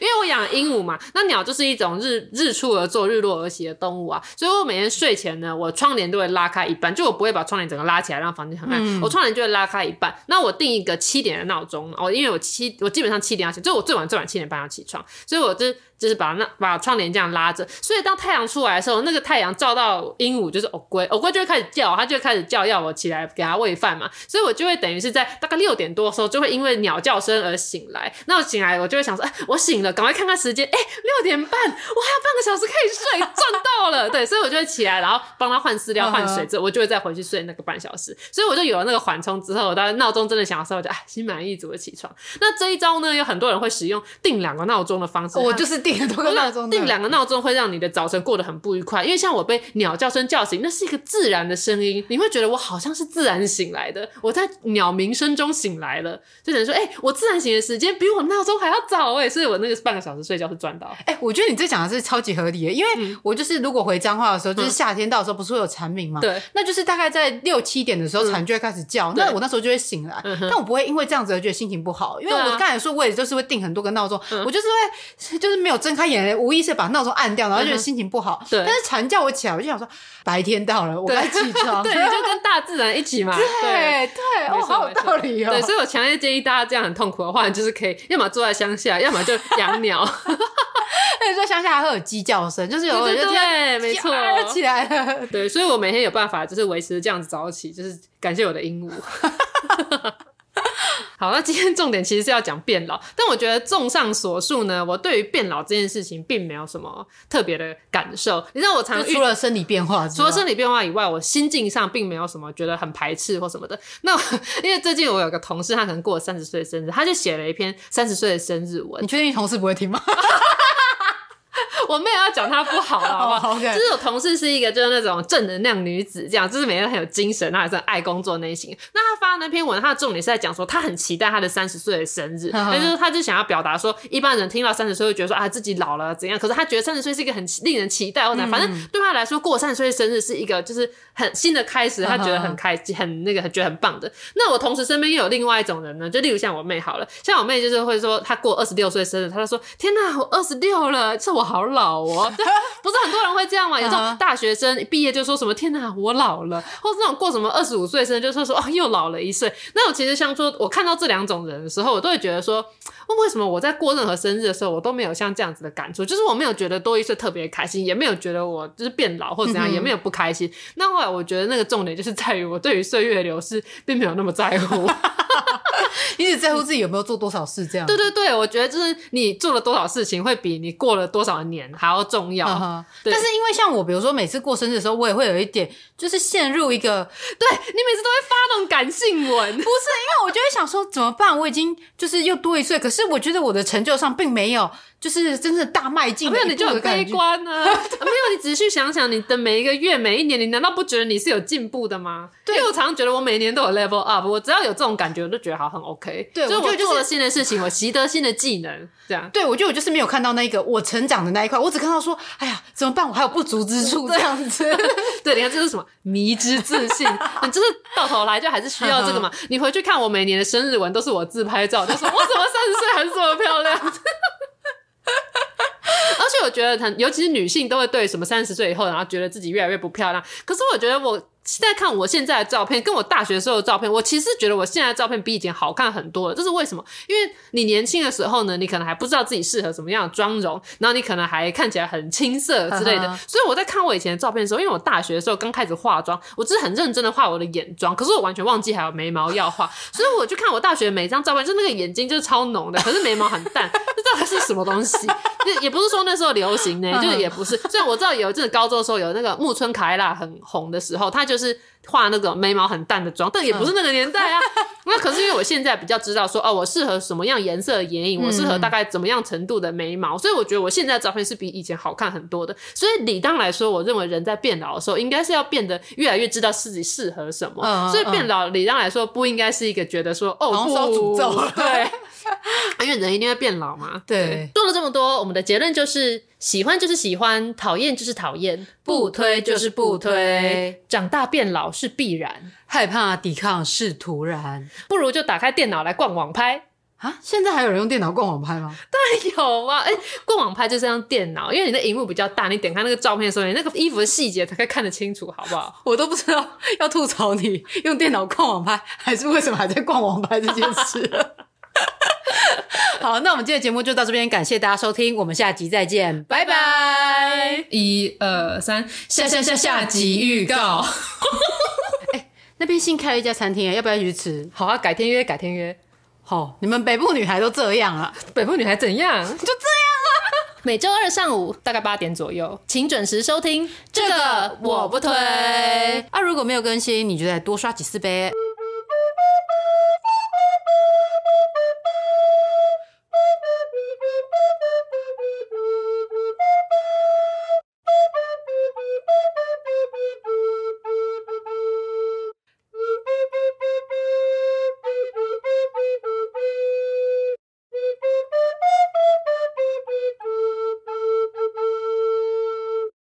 因為我養鸚鵡嘛，那鳥就是一種日日出而作、日落而息的動物啊，所以我每天睡前呢，我窗簾都會拉開一半，就我不會把窗簾整個拉起來，讓房間很暗，嗯、我窗簾就會拉開一半。那我定一個七點的鬧鐘，哦，因為我七我基本上七點要起，就是我最晚最晚七點半要起床，所以我就。就是把那把窗簾這樣拉着，所以當太陽出來的時候，那個太陽照到鸚鵡，就是烏龜，烏龜就會開始叫，它就會開始叫，叫，要我起來給它餵飯嘛。所以我就會等於是在大概六點多的時候，就會因為鳥叫聲而醒來。那我醒來，我就會想說，欸，我醒了，趕快看看時間，哎、欸，六點半，我還有半個小時可以睡，賺到了。 [laughs] 對，所以我就會起來，然後幫它換飼料、換水，之後我就會再回去睡那個半小時。所以我就有了那個緩衝之後，當鬧鐘真的響的時候，我就哎，心滿意足的起床。那這一招呢，有很多人會使用定兩個鬧鐘的方式， [laughs] 我就是定。定兩個鬧鐘會讓你的早晨過得很不愉快，因為像我被鳥叫聲叫醒，那是一個自然的聲音，你會覺得我好像是自然醒來的，我在鳥鳴聲中醒來了，就等於說，哎、欸，我自然醒的時間比我鬧鐘還要早，欸，哎，所以我那個半個小時睡覺是賺到。哎、欸，我覺得你這講的是超級合理的，因為我就是如果回彰化的時候，就是夏天到的時候不是會有蟬鳴嗎？對、嗯，那就是大概在六七點的時候，蟬就會開始叫，嗯、那我那時候就會醒來，嗯、哼但我不會因為這樣子而覺得心情不好，因為我剛才說我也就是會定很多個鬧鐘，嗯、我就是會就是沒有。睜開眼，無意識把鬧鐘按掉，然後就心情不好。對，但是蟬叫我起來，我就想說白天到了，我該起床。對，就跟大自然一起嘛。對對，好有道理哦。對，所以我強烈建議大家，這樣很痛苦的話，就是可以要麼住在鄉下，要麼就養鳥。那你在鄉下還會有雞叫聲，就是有我就對，沒錯，起來了。對，所以我每天有辦法，就是維持這樣子早起，就是感謝我的鸚鵡。 [laughs] 好，那今天重點其實是要講變老，但我覺得綜上所述呢，我對於變老這件事情並沒有什麼特別的感受。你知道，我常除了生理變化之外，除了生理變化以外， [laughs] 我心境上並沒有什麼覺得很排斥或什麼的。那因為最近我有個同事，他可能過了三十歲生日，他就寫了一篇三十歲的生日文。你確定同事不會聽嗎？ [laughs] 我妹要講她不好了好不好，好嗎？就是我同事是一個就是那種正能量女子，這樣就是每天很有精神，她還是很愛工作類型。那她發的那篇文，她的重點是在講說她很期待她的三十歲的生日，那呵就是她就想要表達說，一般人聽到三十歲會覺得說啊自己老了怎樣，可是她覺得三十歲是一個很令人期待或者反正對她來說、嗯、過三十歲的生日是一個就是很新的開始，她覺得很開心呵呵很那個覺得很棒的。那我同時身邊又有另外一種人呢，就例如像我妹好了，像我妹就是會說她過二十六歲生日，她就說天哪、啊，我二十六了，這我好老。老哦， [laughs] 對，不是很多人會這樣嗎？有時候大學生畢業就說什麼“天哪，我老了”，或是那種過什麼二十五歲生日就說說“哦，又老了一歲”。那我其實像說，我看到這兩種人的時候，我都會覺得說、哦，為什麼我在過任何生日的時候，我都沒有像這樣子的感觸？就是我沒有覺得多一歲特別開心，也沒有覺得我就是變老或者怎樣，也沒有不開心。嗯、哼那後來我覺得那個重點就是在於我對於歲月流逝並沒有那麼在乎。 [laughs] 你只在乎自己有沒有做多少事，這樣？ [laughs] 對對對，我覺得就是你做了多少事情，會比你過了多少年還要重要。Uh huh. 對但是因為像我，比如說每次過生日的時候，我也會有一點，就是陷入，一個， [laughs] 對，你每次都會發那種感性文，不是？因為我就會想說，怎麼辦？我已經就是又多一歲，可是我覺得我的成就上並沒有，就是真正大邁進。啊、沒有，你就很悲觀呢，、啊。 [laughs] 啊、沒有，你仔細想想，你的每一個月、每一年，你難道不覺得你是有進步的嗎？對因為我常常覺得我每年都有 level up，我只要有這種感覺，我就覺得好好。OK，對所以我就做了新的事情，我習得新的技能，對這樣。對，我覺得我就是沒有看到那個我成長的那一塊，我只看到說，哎呀，怎麼辦？我還有不足之處這樣子。對, [laughs] 對，你看這是什麼迷之自信， [laughs] 你就是到頭來就還是需要這個嘛。 [laughs] 你回去看我每年的生日文，都是我自拍照，就說我怎麼三十歲還是這麼漂亮。 [laughs] [laughs] 而且我覺得，尤其是女性，都會對什麼三十歲以後，然後覺得自己越來越不漂亮。可是我覺得我。現在看我現在的照片，跟我大學的時候的照片，我其實覺得我現在的照片比以前好看很多了。這是為什麼？因為你年輕的時候呢，你可能還不知道自己適合什麼樣的妝容，然後你可能還看起來很青澀之類的。呵呵。所以我在看我以前的照片的時候，因為我大學的時候剛開始化妝，我只是很認真的畫我的眼妝，可是我完全忘記還有眉毛要畫。所以我就看我大學每一張照片，就那個眼睛就是超濃的，可是眉毛很淡，不知道是什麼東西。就也不是說那時候流行呢，就是也不是。所以我知道有一陣、就是、高中的時候有那個木村凱拉很紅的時候，他就是。就是畫那種眉毛很淡的妝，但也不是那個年代啊。嗯、 [laughs] 那可是因為我現在比較知道說，哦，我適合什麼樣顏色的眼影，我適合大概怎麼樣程度的眉毛，嗯、所以我覺得我現在的照片是比以前好看很多的。所以理當來說，我認為人在變老的時候，應該是要變得越來越知道自己適合什麼。嗯嗯嗯所以變老理當來說，不應該是一個覺得說哦，蒙受詛咒對、啊，因為人一定會變老嘛。對，說、嗯、了這麼多，我們的結論就是。喜歡就是喜歡，討厭就是討厭，不推就是不推，長大變老是必然，害怕抵抗是突然，不如就打開電腦來逛網拍啊！現在還有人用電腦逛網拍嗎？當然有啊！哎、欸，逛網拍就是用電腦，因為你的屏幕比較大，你點開那個照片的時候，你那個衣服的細節才可以看得清楚，好不好？我都不知道要吐槽你用電腦逛網拍，還是為什麼還在逛網拍這件事。 [laughs] [laughs] 好，那我們今天的節目就到這邊，感謝大家收聽，我們下集再見，拜拜 Bye。一二三，2 1, 2, 3, 下，下下下下集預告。 [laughs] [laughs] 欸、那邊新開了一家餐廳，要不要去吃？好啊，改天約，改天約。好、哦，你們北部女孩都這樣啊？ [laughs] 北部女孩怎樣？ [laughs] 就這樣啊！ [laughs] 每周二上午大概八點左右，請準時收聽。這個我不推。啊，如果沒有更新，你就再多刷幾次唄。